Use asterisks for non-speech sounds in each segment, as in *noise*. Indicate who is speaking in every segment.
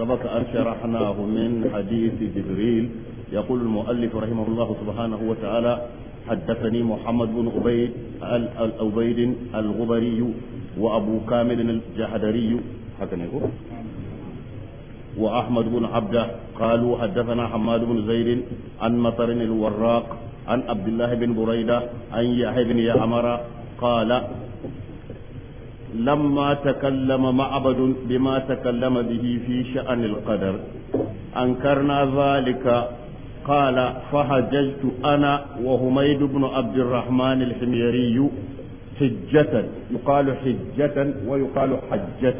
Speaker 1: سبق أن شرحناه من حديث جبريل يقول المؤلف رحمه الله سبحانه وتعالى حدثني محمد بن عبيد الأبيد الغبري وأبو كامل الجحدري يقول وأحمد بن عبده قالوا حدثنا حماد بن زيد عن مطر الوراق عن عبد الله بن بريدة عن يحيى بن يعمر قال لما تكلم معبد بما تكلم به في شأن القدر أنكرنا ذلك قال فحججت أنا وهميد بن عبد الرحمن الحميري حجة يقال حجة ويقال حجة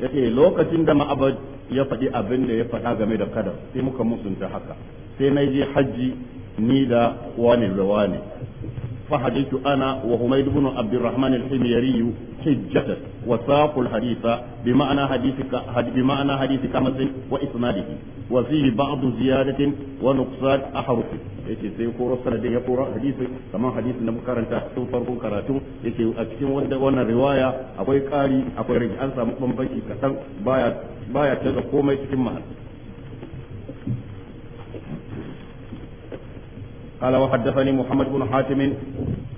Speaker 1: yake lokacin da ma'abar ya faɗi abin da ya faɗa game da kadar sai muka musunta haka sai na je hajji ni da wane da wane فحديث أنا وحميد بن عبد الرحمن الحميري حجة وساق الحديث بمعنى حديثك بمعنى حديث كمس وإسناده وفيه بعض زيادة ونقصان أحرف yake sai koro sanadin ya koro kamar hadisin da muka karanta tun farkon karatu yake a cikin wanda wannan riwaya akwai ƙari akwai rage an samu bambanci kaɗan baya baya canza komai cikin maha. قال وحدثني محمد بن حاتم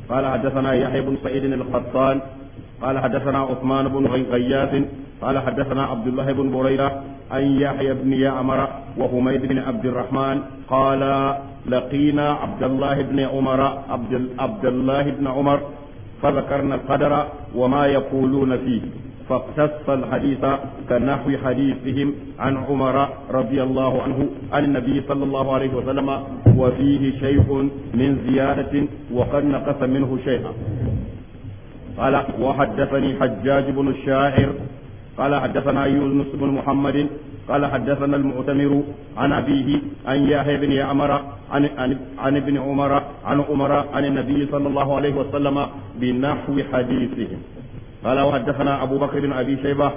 Speaker 1: قال حدثنا يحيى بن سعيد القطان قال حدثنا عثمان بن غياث قال حدثنا عبد الله بن بريرة عن يحيى بن يعمر وحميد بن عبد الرحمن قال لقينا عبد الله بن عمر عبد, عبد الله بن عمر فذكرنا القدر وما يقولون فيه فاقتص الحديث كنحو حديثهم عن عمر رضي الله عنه عن النبي صلى الله عليه وسلم وفيه شيء من زيادة وقد نقص منه شيئا قال وحدثني حجاج بن الشاعر قال حدثنا يونس بن محمد قال حدثنا المؤتمر عن أبيه عن يحيى بن عمر عن, عن, عن ابن عمر عن عمر عن النبي صلى الله عليه وسلم بنحو حديثهم قال وحدثنا أبو بكر بن أبي شيبة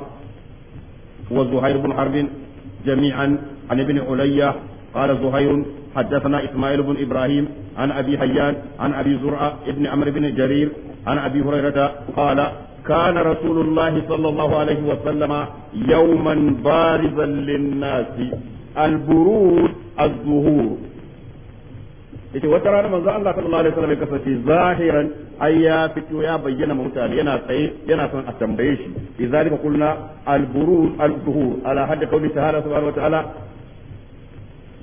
Speaker 1: وزهير بن حرب جميعا عن ابن علية قال زهير حدثنا إسماعيل بن إبراهيم عن أبي حيان عن أبي زرعة ابن عمرو بن جرير عن أبي هريرة قال كان رسول الله صلى الله عليه وسلم يوما بارزا للناس البرود الظهور yace wata rana manzo Allah sallallahu alaihi wasallam ya kasance zahiran ai ya fito ya bayyana mutane yana tsaye yana son a tambaye shi bi zalika qulna al al ala hadd qawli ta'ala subhanahu wa ta'ala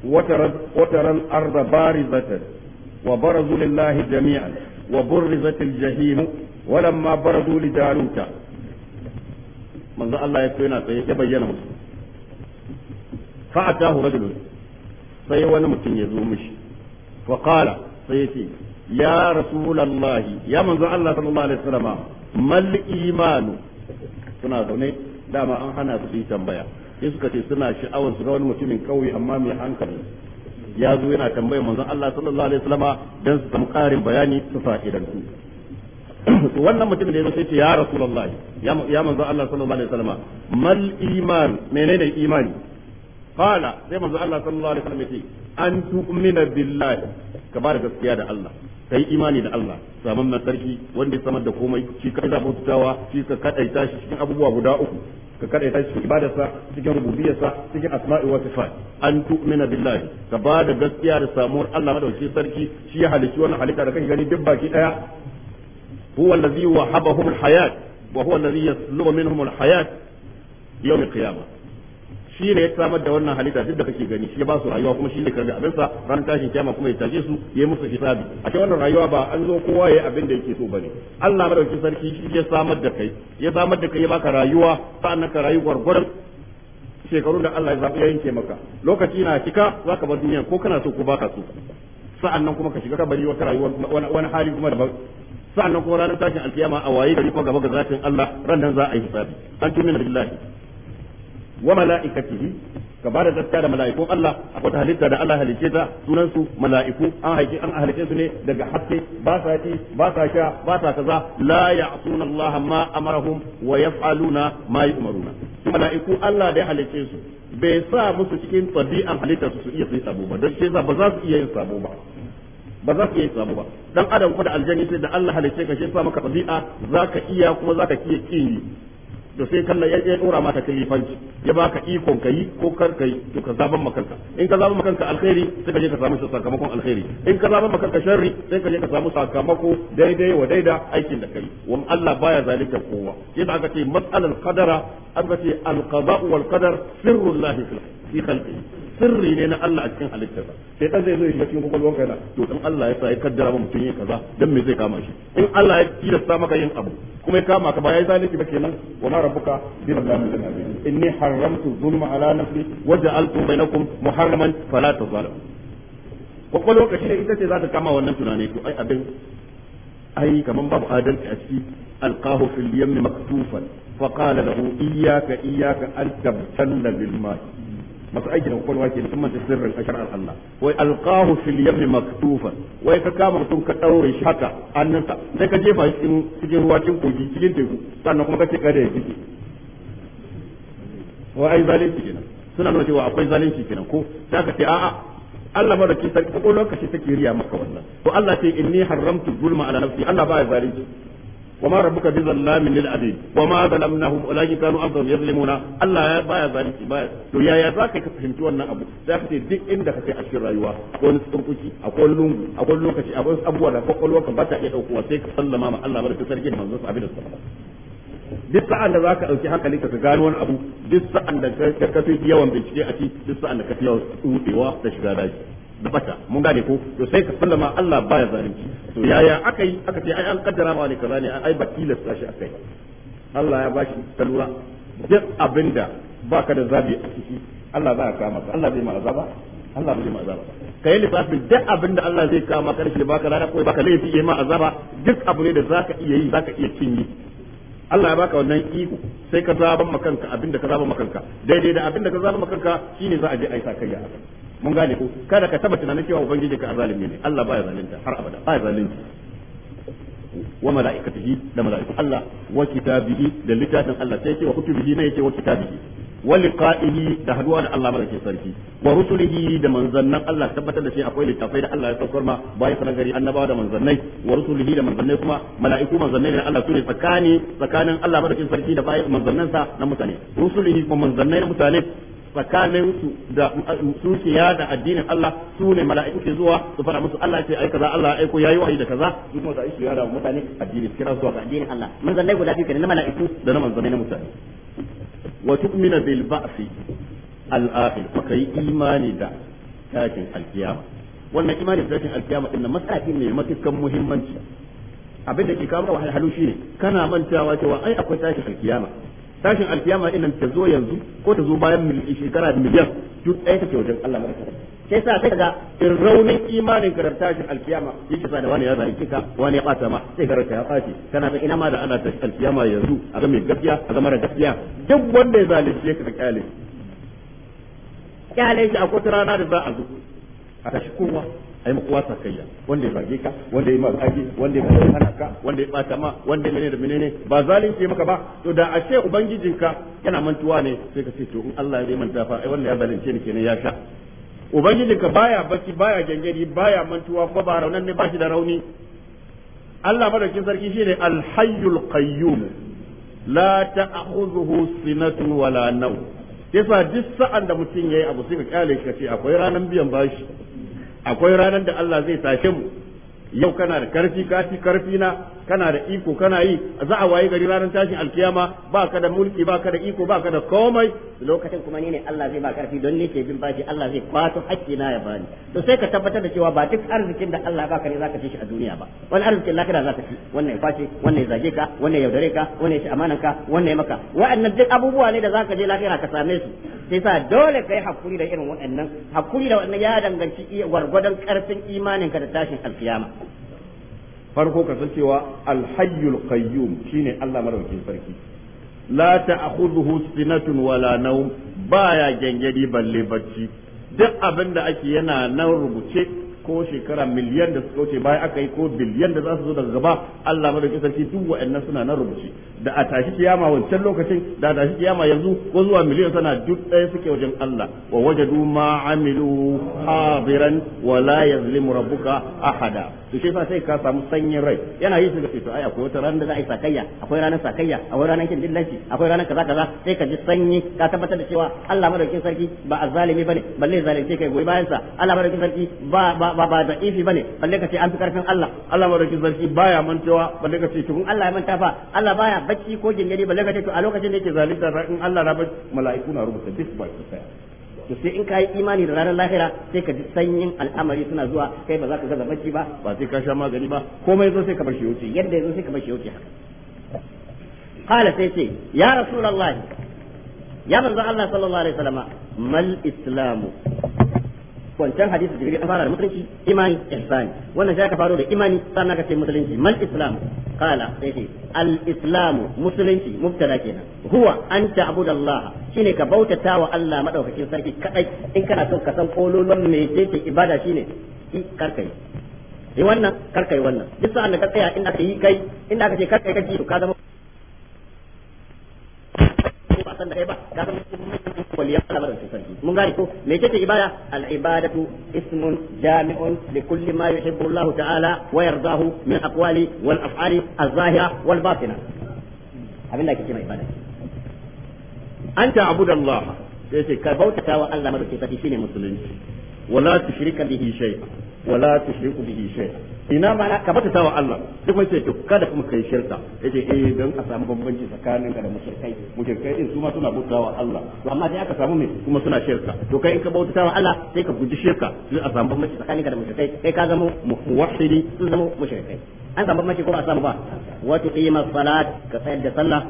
Speaker 1: وترى وترى الارض بارزة وبرزوا لله جميعا وبرزت الجحيم ولما برزوا لجالوت Allah ya fito yana tsaye ya bayyana musu fa atahu rajulun sai wani mutum ya zo mishi fa qala sai yace ya rasulullahi ya manzo Allah sallallahu alaihi wasallam mal imanu suna zaune dama an hana su yi tambaya sai suka ce suna sha'awar su ga wani mutumin kauye amma mai hankali ya zo yana tambaya manzon Allah sallallahu alaihi wasallam dan su samu karin bayani su fa'idantu su. wannan mutumin da ya sai ce ya rasulullah ya manzon Allah sallallahu alaihi wasallam mal iman menene imani qala sai manzon Allah sallallahu alaihi wasallam ya ce an tu'mina billahi ka ba da gaskiya da Allah ka imani da Allah saman na sarki wanda ya samar da komai shi ka zaɓa fitawa shi ka kaɗaita shi cikin abubuwa guda uku ka kaɗaita shi cikin ibadarsa cikin rububiyarsa cikin asma'i wa sifat an tu'mina billahi ka ba da gaskiya da samuwar Allah madaukakin sarki shi ya halicci wannan halitta da kan gani duk baki daya huwa allazi wahabahum alhayat wa huwa allazi yaslubu minhum alhayat yawm alqiyamah shi ne ya samar da wannan halitta duk da kake gani shi ya ba su rayuwa kuma shi ne karbi abin sa ranar tashin kiyama kuma ya tashe su ya musu hisabi a cikin wannan rayuwa ba an zo kowa ya abin da yake so bane Allah madaukakin sarki shi ya samar da kai ya samar da kai ya baka rayuwa sa'annan ka rayu gwargwaron shekarun da Allah ya zaɓi ya yanke maka lokaci na cika zaka bar duniya ko kana so ko baka so sa'annan kuma ka shiga ka bari wata rayuwa wani hali kuma da sa'annan kuma ranar tashin alkiyama a waye gari ko gaba ga zatin Allah ran nan za a yi hisabi an na billahi wa mala'ikatihi ka ba da zakka da mala'iku Allah akwai halitta da Allah halice ta sunan su mala'iku an haike an halice su ne daga haske ba sa ci ba sa sha ba sa kaza la ya'suna Allah ma amarahum wa yaf'aluna ma yu'maruna mala'iku Allah da ya halice su bai sa musu cikin tabi'an halitta su iya su yi sabo ba don shi ba za su iya yin sabo ba ba za su iya samu ba dan adam kuma da aljanni sai da Allah halice ka shi sa maka tabi'a zaka iya kuma zaka iya kin da sai kallon ya ya dora mata kalifanci ya baka ikon kai ko kar kai to ka zaban makanka in ka zaban makanka alkhairi sai ka je ka samu sakamakon alkhairi in ka zaban makanka sharri sai ka je ka samu sakamako daidai wa daida aikin da kai wa Allah baya zalika kowa yadda aka ce mas'alal qadara aka ce al qada wal qadar sirrul fi khalqihi sirri ne na Allah a cikin ba sai dan zai zo ya cikin kokolwan kai to dan Allah ya sa ya kaddara ba mutum yin kaza dan me zai kama shi in Allah ya sa maka yin abu kuma ya kama ka ba yayi zalunci ba kenan wa ma rabbuka bi rabbil alamin inni haramtu zulma ala nafsi wa ja'altu bainakum muharraman fala tazalimu kokolwan ka shi ita ce za ta kama wannan tunani to ai abin ai kaman babu adalci a ciki alqahu fil yammi maktufan فقال له إياك إياك أن تبتل بالماء masu aiki da kwakwalwa ke sun manta sirrin Allah wai alqahu fil yammi maktufan wai ka kama mutum ka daure shi haka annansa sai ka jefa shi cikin ruwa cikin kogi cikin teku sannan kuma ka kada ya wai ai zalunci kenan suna nuna cewa akwai zalunci kenan ko sai ka ce a'a Allah take riya maka wannan to Allah ce inni haramtu zulma ala nafsi Allah ba ya zalunci وما ربك بظلام للعبيد وما ظلمناهم ولكن كانوا انفسهم يظلمون الله يا بايا ذلك بايا to yaya za ka fahimci wannan abu za ka ce duk inda ka kai a cikin rayuwa akwai wani tsunkuki akwai lungu akwai lokaci akwai abubuwa da kwakwalwarka ba ta iya daukowa sai ka sallama ma Allah barka sarki da manzon abin da suka duk sa'an da zaka dauki hankali ka gano wani abu duk sa'an da ka fi yawan bincike a ci duk sa'an da ka fi yawan tsudewa da shiga daji da bata mun gane ko to sai ka sallama Allah baya zalunci to yaya aka yi aka ce ai an kaddara ma ne kaza ne ai ba tilasta shi akai Allah ya bashi talura duk abinda baka da zabi a ciki Allah ba ya kama ka Allah zai ma azaba Allah bai ma azaba ka yi lissafin duk abin da Allah zai kama ka shi baka rana ko baka laifi yayi ma azaba duk abu ne da zaka iya yi zaka iya cinye Allah ya baka wannan iko sai ka zaban makanka abin da ka zaban makanka daidai da abin da ka zaban makanka shine za a je a yi sakayya a kai mun gane ko kada ka taba tunanin cewa ubangiji ka azalimi ne Allah baya zalunta har abada baya zalunci wa malaikatihi da malaikatu Allah wa kitabihi da littafin Allah sai ce wa kutubihi ne yake wa kitabihi wa liqa'ihi da haduwa da Allah madaukakin sarki wa rusulihi da manzannan Allah tabbatar da shi akwai littafai da Allah ya saukar ma bayan sanan gari annabawa da manzannai wa rusulihi da manzannai kuma mala'iku manzannai da Allah sune tsakani tsakanin Allah madaukakin sarki da bayan manzannansa na mutane rusulihi kuma manzannai na mutane tsakanin su da su da addinin Allah su ne mala'iku ke zuwa su fara musu Allah ce ai kaza Allah aiko yayi wahayi da kaza su kuma da su da mutane addini su kira zuwa ga addinin Allah manzannai guda biyu kenan na mala'iku da na manzannai na mutane wa tu'mina bil ba'si al-akhir fa imani da tashin alkiyama wannan imani da tashin alkiyama din masala ne mai matukan muhimmanci abin da ke kawo wahalhalu shine kana mantawa cewa ai akwai takin alkiyama tashin alkiyama ina ta zo yanzu ko ta zo bayan shekara da miliyan duk ɗaya take wajen Allah madaka sai sa sai ga in raunin imanin karar tashin alkiyama yake sa da wani ya zai kika wani ya bata ma sai karar ya bace kana ta ina ma da ana tashin alkiyama yanzu a ga mai a ga mara gaskiya duk wanda ya zalunce ka kyale kyale shi a kotu rana da za a zo a tashi kowa ai kowa sakayya wanda ya bage ka wanda ya maka aji wanda ya hana ka wanda ya bata ma wanda ya da menene ba zalunci maka ba to da a ce ubangijinka yana mantuwa ne sai ka ce to in Allah ya manta fa ai wanda ya zalunce ni kenan ya sha ubangijinka baya baki baya gangari baya mantuwa kuma ba raunan ne ba shi da rauni Allah madaukin sarki shine al-hayyul qayyum la ta'khudhuhu sinatun wala nawm yasa duk sa'an da mutum yayi abu sai ka kyale shi ka ce akwai ranan biyan bashi akwai ranar da Allah zai tashe mu yau kana da karfi ka karfi na kana da iko kana yi za a waye gari ranar tashin alkiyama ba ka da mulki ba ka da iko ba ka da komai lokacin kuma ni ne Allah zai ba
Speaker 2: karfi don ni ke bin bashi Allah zai kwato hakki na ya bani to sai ka tabbatar da cewa ba duk arzikin da Allah ba ka ne zaka ci shi a duniya ba wani arzikin lakira zaka ci wannan ya kwace wannan ya zage ka wannan ya yaudare ka wannan ya ci amanan ka wannan ya maka wa'annan duk abubuwa ne da zaka je lakira ka same su sai sa dole kai hakuri da irin wa'annan hakuri da wannan ya danganci gwargwadon karfin ka da tashin
Speaker 1: alkiyama farko ka san cewa alhayyul qayyum shine Allah madaukakin sarki la ta'khudhuhu sinatun wala nawm baya gengedi balle bacci duk abinda ake yana nan rubuce ko shekara miliyan da suka wuce bayan aka yi ko biliyan da za su zo daga gaba Allah madaukakin sarki duk wa'annan suna nan rubuce da a tashi kiyama wancan lokacin da a tashi kiyama yanzu ko zuwa miliyan sana duk ɗaya suke wajen Allah wa wajadu ma amilu hadiran wala yazlimu rabbuka ahada to shi sai ka samu sanyin rai yana yi shiga to ai akwai wata ranar da za a yi sakayya akwai ranar
Speaker 2: sakayya akwai ranar kin dillanci akwai ranar kaza kaza sai ka ji sanyi ka tabbatar da cewa Allah madaukin sarki ba azzalimi bane balle zalunci kai goyi bayan sa Allah madaukin sarki ba ba ba da ifi bane balle ka ce an fi karfin Allah Allah madaukin sarki baya mantawa balle ka ce to kun Allah ya manta fa Allah baya bacci ko gingiri balle ka ce to a lokacin da yake zalunta in Allah na bacci mala'iku na rubuta duk baki daya to sai in kai imani da ranar lahira sai ka ji sanyin al'amari suna zuwa kai ba za ka gaza bacci ba ba sai ka sha magani ba komai zo sai ka bar shi wuce yadda yazo sai ka bar shi wuce haka qala sai ce ya rasulullahi ya manzo Allah sallallahu alaihi wasallama mal islamu wancan hadisi da an fara da musulunci imani ihsani wannan sai ka faro da imani sannan ka ce musulunci mal islam qala sai al islam musulunci mubtada kenan huwa an ta'budallaha shine ka bautata wa Allah madaukakin sarki kadai in kana son ka san kololon me yake ibada shine ki karkai yi wannan karkai wannan duk sa'an da ka tsaya inda ka yi kai inda ka ce karkai kake to ka zama ba san da kai ba ka zama وليقل مرة في الفرد ismun قال ليست عبادة العبادة اسم جامع ta'ala ما يحب الله تعالى a من الأقوال والأفعال الظاهرة
Speaker 1: abin da mai ibada an ta'budu Allah sai ka bautata wa Allah madaukakin sarki shine musulunci wala tushrika bihi shay'a wala tushriku bihi shay'a ina ma na ka bata tawa Allah duk mai ce to kada kuma kai shirka yace eh don a samu bambanci tsakanin ka da mushrikai mushrikai din su ma suna bautawa Allah to amma dai aka samu me kuma suna shirka to kai in ka bautawa Allah sai ka guji shirka sai a samu bambanci tsakanin ka da mushrikai kai ka zama muwahhidi
Speaker 2: sun zama mushrikai an samu bambanci ko ba samu ba wa tuqima salat ka tsayar da sallah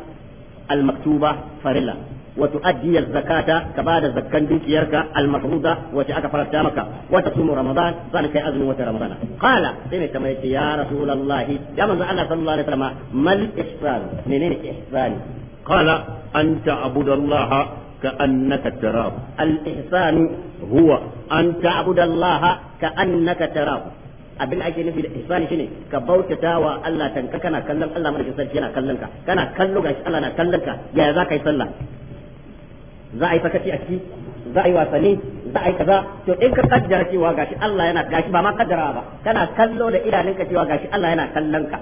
Speaker 2: al-maktuba farilla wa tu'addi zakata ka bada zakkan dukiyarka al-mafruda wace aka faranta maka wata tasumu ramadan zan kai azumin wata ramadana qala sai ne kamar yace ya rasulullah ya manzo Allah sallallahu alaihi wasallam mal ihsan menene
Speaker 1: ihsan qala anta abudallaha كأنك تراه الإحسان هو أن تعبد ka كأنك تراه abin
Speaker 2: da ake nufi da ihsani shine ka bautata wa Allah tanka kana kallon Allah madaukakin sarki yana kallon ka kana kallo gashi Allah na kallon ka yaya za ka yi sallah za a yi sakaci a ciki za a yi wasanni za a yi kaza to in ka kaddara cewa gashi Allah yana gashi ba ma kaddara ba kana kallo da idanunka cewa gashi Allah yana kallon ka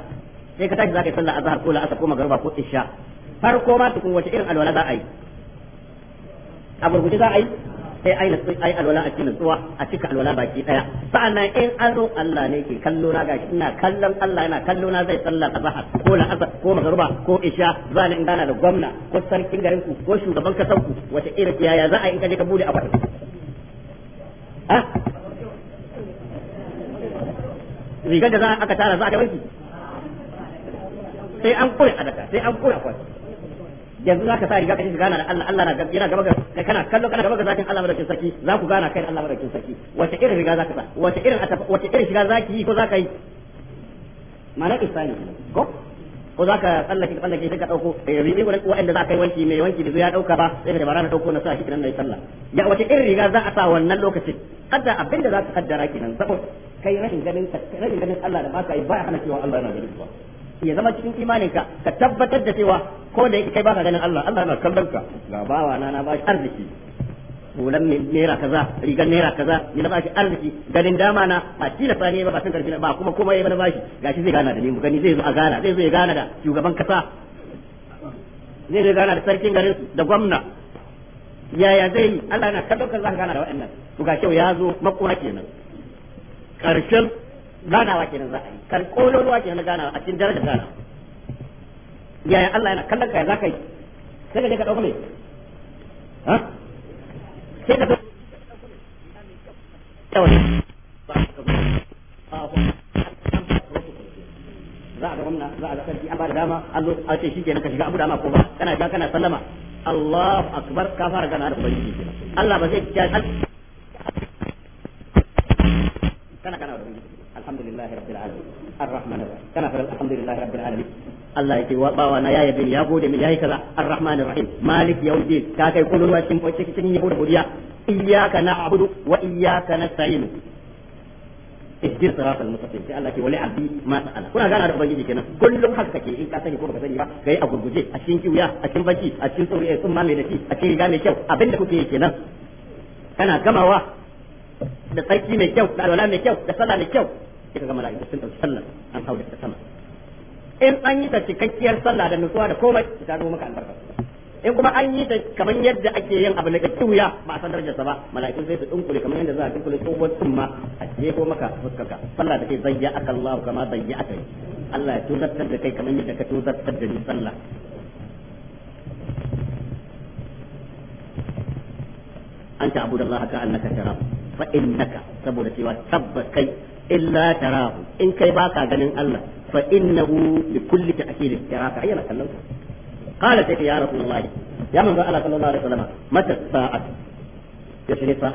Speaker 2: sai ka tashi za ka yi sallar azhar ko la'asar ko magruba ko isha farko ma tukun wace irin alwala za a yi a gurguje za a yi sai sun ai alwala a cikin tsuwa a cika alwala baki daya sa'annan in an zo Allah ne ke kallo na gashi ina kallon Allah yana kallo na zai salla azhar ko la'asar ko magruba ko isha zan in na da gwamna ko sarkin garin ku ko shugaban kasar ku wata irin yaya za a in kaje ka bude a baki
Speaker 3: ha rigar da za aka tara za a ga wanki sai an kure adaka sai an kure
Speaker 2: akwati yanzu zaka sa riga ka shiga gana da Allah Allah na yana gaba ga kai kana kallo kana gaba ga zakin Allah madaukin sarki za ku gana kai Allah madaukin sarki wace irin riga zaka sa wace irin wace irin shiga zaki yi ko zaka yi mana isani ko ko zaka tsallake ka tsallake sai ka dauko eh, ribi gurin wanda za yi wanki mai wanki da ya dauka ba sai da barana dauko na sa shi kiran nayi sallah ya wace irin riga za a sa wannan lokacin kada abinda za ka kaddara kenan saboda kai rashin ganin rashin ganin Allah da ba ka yi ba hana cewa Allah yana ganin ba ya zama cikin imaninka ka tabbatar da cewa ko da yake kai baka ganin Allah Allah yana kallon ka ga bawa na na bashi arziki hulan naira kaza rigar naira kaza ni na bashi arziki ganin dama na ba tila fa ne ba ba san karfi ba kuma kuma yayi na bashi gashi zai gana da ni mu gani zai zo a gana zai zo ya gana da shugaban kasa zai zo gana da sarkin garin da gwamna yaya zai yi Allah yana kallon ka za gana da wa'annan to ga ya
Speaker 1: zo makura kenan karshen
Speaker 2: ganawa kenan za a yi kan kololuwa kenan na ganawa a cikin darajar ganawa yaya Allah yana kallon ka za ka yi sai ka je ka dauka me ha sai ka dauka za a ga gwamna za a ga sarki an ba da dama an zo a ce shi kenan ka shiga abu ma ko ba kana ga kana sallama Allahu akbar ka fara gana da ubangiji Allah ba zai ja kana gana da ubangiji alhamdulillahi rabbil alamin arrahmanir rahim kana fara alhamdulillahi rabbil alamin Allah yake wa bawa na ya yabe ya gode min yayi kaza arrahmanir rahim malik yawmiddin ka kai kullun cikin cikin cikin yabo da godiya iyyaka na'budu wa iyyaka nasta'in gana da ubangiji kenan kullum haka kake in ka sani ko baka sani ba kai cikin kiwuya a cikin baki a cikin tsoro eh, sun ma a cikin riga mai kyau abinda kuke yi kenan kana gamawa da tsarki mai kyau da alwala mai kyau da sallah mai kyau kika ga mala'iku sun ɗauki sallar an hau ta sama in an yi ta cikakkiyar sallah da nutsuwa da komai ta zama maka albarka in kuma an yi ta kamar yadda ake yin abu na kiwuya ba a san sa ba mala'ikun sai su dunkule kamar yadda za a dunkule tsohuwar ma a jefo maka fuskarka sallah da kai zayya aka Allah kama zayya aka yi Allah ya tozartar da kai kamar yadda ka tozartar da ni sallah an ta'budu Allah ka annaka tarab fa innaka saboda cewa tabbakai إلا تراه إن كي باكا جنن الله فإنه لكل تأثير تراك أي أنا قال سيدي يا رسول الله يا من قال صلى الله عليه وسلم متى الساعة يا شريفة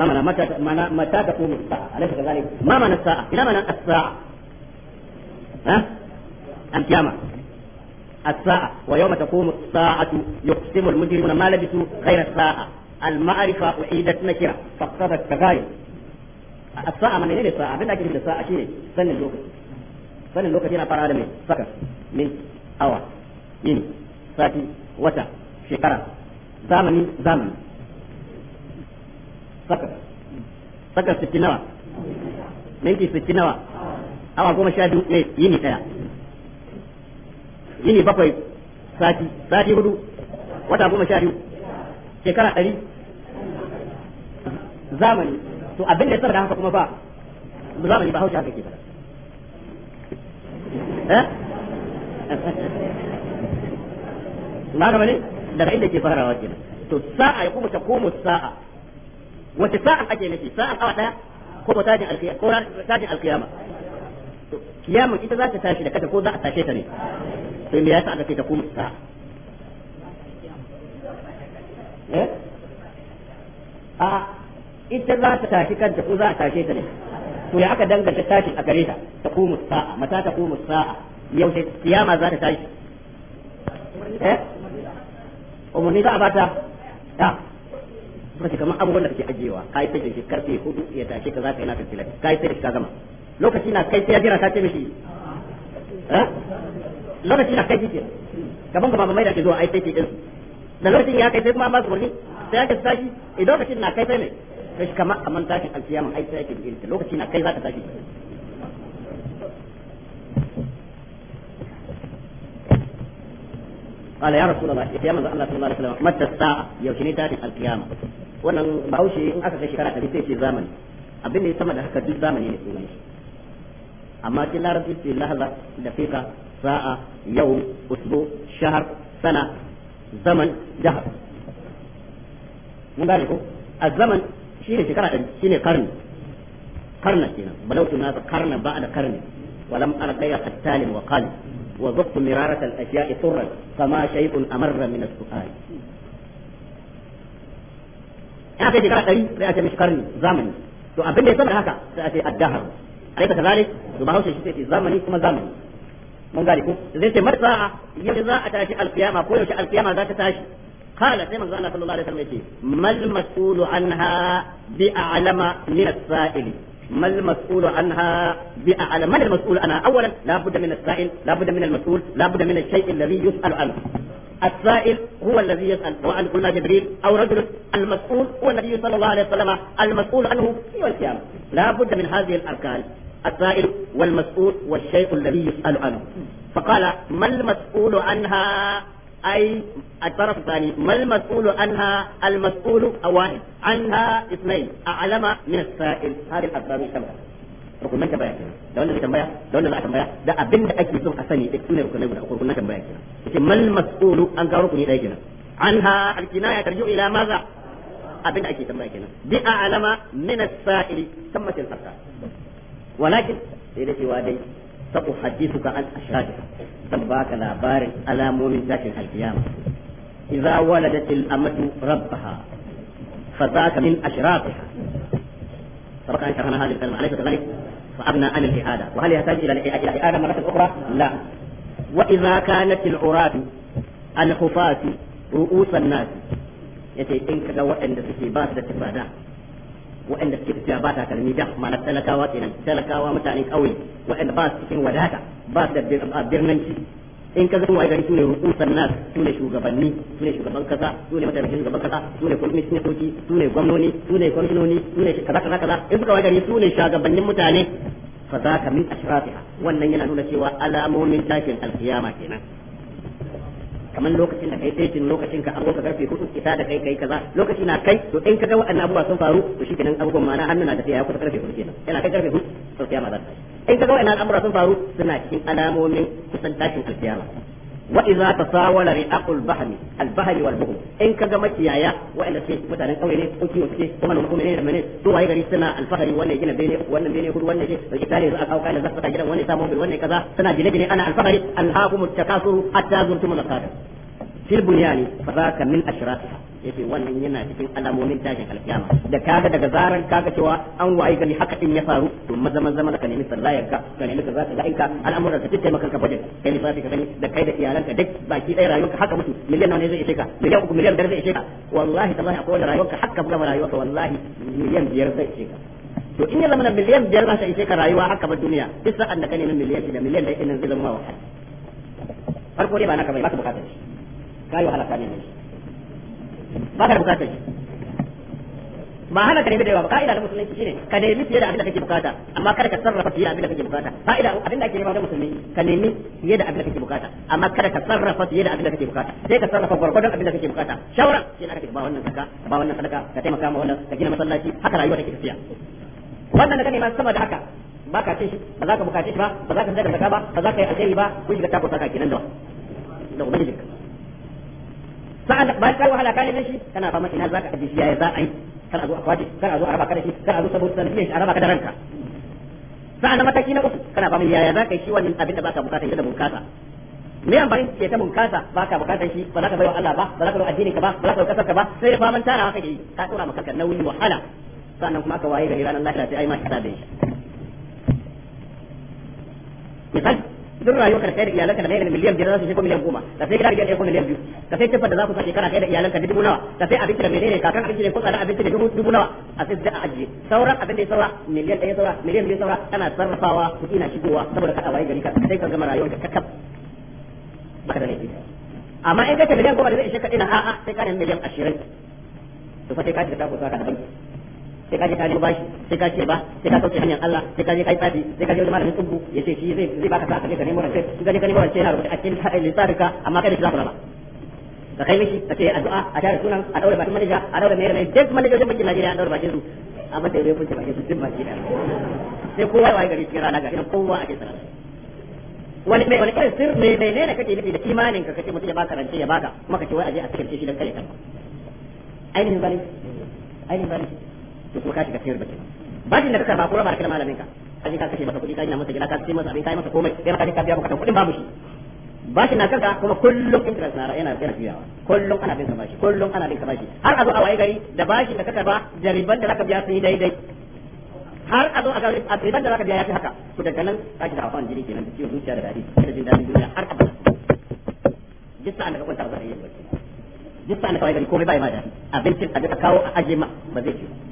Speaker 2: ما معنى متى متى تقوم الساعة أليس كذلك ما معنى الساعة لا معنى الساعة ها أنت ياما الساعة ويوم تقوم الساعة يقسم المجرمون ما لبثوا غير الساعة المعرفة أعيدت نكرة فاقتضت تغاير sa'a mana ne sa'a abin da ake da sa'a shine sanin lokaci sanin lokaci yana fara da mai saka min awa yini sati wata shekara zamani zamani saka saka sittin nawa minti sittin nawa awa goma sha biyu ne yini daya yini bakwai sati sati hudu wata goma sha biyu shekara ɗari zamani to abin da ya saboda haka kuma ba zamani ba hausa haka ke fara
Speaker 3: eh na ga bane daga inda
Speaker 2: ke farawa kenan to sa'a ya kuma ta komo sa'a wace sa'a ake nake sa'a awa daya ko tajin alkiyama ko tajin alkiyama kiyama ita za ta tashi da kada ko za a tashe ta ne to me yasa aka ce ta komo sa'a eh a ita za ta tashi kanta ko za a tashe ta ne to ya aka danganta tashi a gare ta ta kuma sa'a mata ta kuma sa'a yaushe kiyama za ta tashi eh umarni za a bata ta ba kamar abubuwan da kake ajiyewa kai sai shi karfe hudu ya tashi ka za ka yi na tattila kai sai ka gama lokaci na kai sai ya jira ka ce mishi
Speaker 3: eh lokaci na kai kike
Speaker 2: gaban gaba mai da ke zuwa ai sai ke din da lokacin ya kai sai kuma ba su wani sai aka tashi idan lokacin na kai sai ne sai kama a man tashin alkiyama bikin ta lokaci na kai tashi wannan bahaushe in aka kai shekara ɗari sai ce zamani abin da ya sama da haka duk zamani ne sunan shi amma cikin larabci ce sa'a yau usbu shahar sana zaman jahar mun ko a zaman shine shekara ɗari shine karni karna kenan balautu nasa karna ba da karni walam alqaya qattalin wa qalin wa dhabtu mirarat al ashiya'i turran kama shay'un amarra min as-su'al ya kai shekara ɗari sai a ce mishi karni zamani to abin da ya saba haka sai a ce addahar alaika kazalik to ba hausa shi sai zamani kuma zamani mun gane ko zai ce marsa'a yadda za a tashi alkiyama ko yaushe alkiyama za ta tashi قال سيما قال صلى الله عليه وسلم ما المسؤول عنها بأعلم من السائل ما المسؤول عنها بأعلم من المسؤول عنها أولا لا بد من السائل لا بد من المسؤول لا بد من الشيء الذي يسأل عنه السائل هو الذي يسأل سواء قلنا جبريل أو رجل المسؤول هو النبي صلى الله عليه وسلم المسؤول عنه يوم القيامة لا بد من هذه الأركان السائل والمسؤول والشيء الذي يسأل عنه فقال ما المسؤول عنها أي الطرف الثاني ما المسؤول عنها المسؤول واحد عنها اثنين أعلم من السائل هذه الأسباب الخمسة rukunan tambaya kenan da wanda zai tambaya da wanda za a tambaya da abin da ake son da kuma rukunan guda rukunan tambaya kenan yace mal mas'ulu an ga rukuni ɗaya kenan anha alkinaya tarju ila maza abin da tambaya kenan bi a'lama min as-sa'ili da dai sa uhaddithuka سباك لابار على مؤمن ذات القيامة إذا ولدت الأمة ربها فذاك من أشرافها سبق أن شرحنا هذه الكلمة عليك كذلك فأبنى عن الإعادة وهل يحتاج إلى الإعادة مرة أخرى؟ لا وإذا كانت العراة الخفاة رؤوس الناس يتيتين كذا وإن في باس الاتفادات waɗanda suke tafiya ba takalmi da ma'ana talakawa kenan talakawa mutane ƙauye waɗanda ba su cikin wadata ba su da birnanci in ka zama gari sune rukusan nas sune shugabanni sune shugaban kasa sune mataimakin shugaban kasa sune kwamishin soki sune gwamnoni sune kwamishinoni sune kaza kaza kaza in suka gari sune shugabannin mutane fa za ka min ashrafiha wannan yana nuna cewa alamomin takin alkiyama kenan kamar lokacin da kai taitin lokacin ka abuwa karfe hudu isa da kai kai kaza lokaci na kai to in ka ga waɗannan abubuwa sun faru to kenan abubuwan ma'ana hannu na tafiya ya kusa karfe hudu kenan yana kai karfe hudu to kiyama za ta in ga waɗannan abubuwa sun faru suna cikin alamomin kusan tashin alfiyama. wa iza ta sawara ri aqul bahri al bahri wal bahr in kaga makiyaya wa inda sai mutane kawai ne koki koki kuma na kuma ne da mene to wai gari suna al bahri wanne gina bene wannan bene kudu wannan ne da kitare za a kawo kana zakka gidan wannan samu bil wannan kaza suna gine gine ana al bahri al hakum takasuru hatta zuntum al qadar fil bunyani fa zaka min ashrafi yace wannan yana cikin alamomin tashin alkiyama da kaga daga zaran kaga cewa an wayi gani haka din ya faru to maza maza maza ka nemi sallayar ka ka nemi kaza kaza ga ka al'amuran ka maka kanka fadin kai ne fati gani da kai da iyalanka duk baki ɗaya rayuwarka haka mutu miliyan nawa ne zai ishe ka miliyan uku miliyan biyar zai ishe ka wallahi tallahi akwai wanda rayuwarka haka gama rayuwarka wallahi miliyan biyar zai ishe ka to in ya zama miliyan biyar za ta ishe ka rayuwa haka ba duniya duk sa'an da ka nemi miliyan shida miliyan ɗaya ɗin zai zama wa farko dai ba naka bai ba ka bukatar shi ka yi wahala ka ne ba ka da bukatar shi ba hana ka nemi da yawa ba ka'ida na musulunci shine ka nemi fiye da abin da kake bukata amma kada ka sarrafa fiye da abin da kake bukata ka'ida abin da ake nema da musulmi ka nemi fiye da abin da kake bukata amma kada ka sarrafa fiye da abin da kake bukata sai ka sarrafa gwargwadon abin da kake bukata shawara shi ne aka ce ba wannan saka. ba wannan sadaka ka taimaka ma wannan ka gina masallaci haka rayuwa take tafiya wannan da ka nema sama da haka ba ka cin shi ba za ka bukace shi ba ba za ka sadaka ba ba za ka yi alheri ba kun shiga takwasa ka kenan da da ubangijinka sa'an ba ka wahala ka neman shi kana fama ina zaka aje shi yaya za a yi kana zo a kwaje kana zo a raba ka da shi kana zo saboda sanin shi a raba ka da ranka sa'an mataki na uku kana fama yaya za ka yi shi wannan abin da baka bukata da bukata me amfani ke ta bukata baka bukata shi ba za ka bai wa Allah ba ba za ka bai addini ka ba ba za ka bai kasar ka ba sai ya faman tara haka yi ka tura maka kan nauyi wahala sa'an kuma ka waye gari ranan lahira sai ai ma kisa da shi misali duk rayuwar kai da iyalanka da naira miliyan biyar za su shigo miliyan goma da sai gida biyar ko miliyan biyu da sai tafar da za ku sake shekara kai da iyalanka da dubu nawa da sai abinci da menene kakan abinci ne ko tsada abinci da dubu nawa a sai da ajiye sauran abin da ya saura miliyan ɗaya saura miliyan biyu saura kana sarrafawa kuɗi na shigowa saboda kada waye gari ka sai ka gama rayuwar ka kakaf baka da laifi amma in kace miliyan goma da zai ishe ka ina a'a sai ka miliyan ashirin to fa sai ka shiga ta ku saka da banki sai ka je ka bashi sai ka ce ba sai ka kauce hanyar Allah sai ka je kai tsafi sai ka je malamin tsubu ya ce shi zai zai baka sa ka nemo ka je ka nemo rance yana rubuta a cikin lissafika amma kada ki ba ka kai mishi ka ce addu'a a tare sunan a daure bakin manaja a daure mai mai duk manajojin bakin Najeriya a daure bakin su amma da yayin bakin su duk baki sai kowa ya gari cikin rana ga kowa a cikin
Speaker 4: wani mai wani irin sir mai
Speaker 2: mai ne kake nufi da imanin ka kace mutum ya baka rance ya baka kuma kace wai aje a cikin shi dan kare kanka ainihin bari ainihin bari to kuma ka shiga cikin da ko malamin ka ka na kanka har a zo a waye gari da bashin ka biya daidai har a zo a gari a da zaka biya ya fi nan da ciwon zuciya da dadi da jin dadin duniya har abada kwanta ba za yi da gari komai ba ya ma dadi abincin a duka kawo a aje ma ba zai ciwo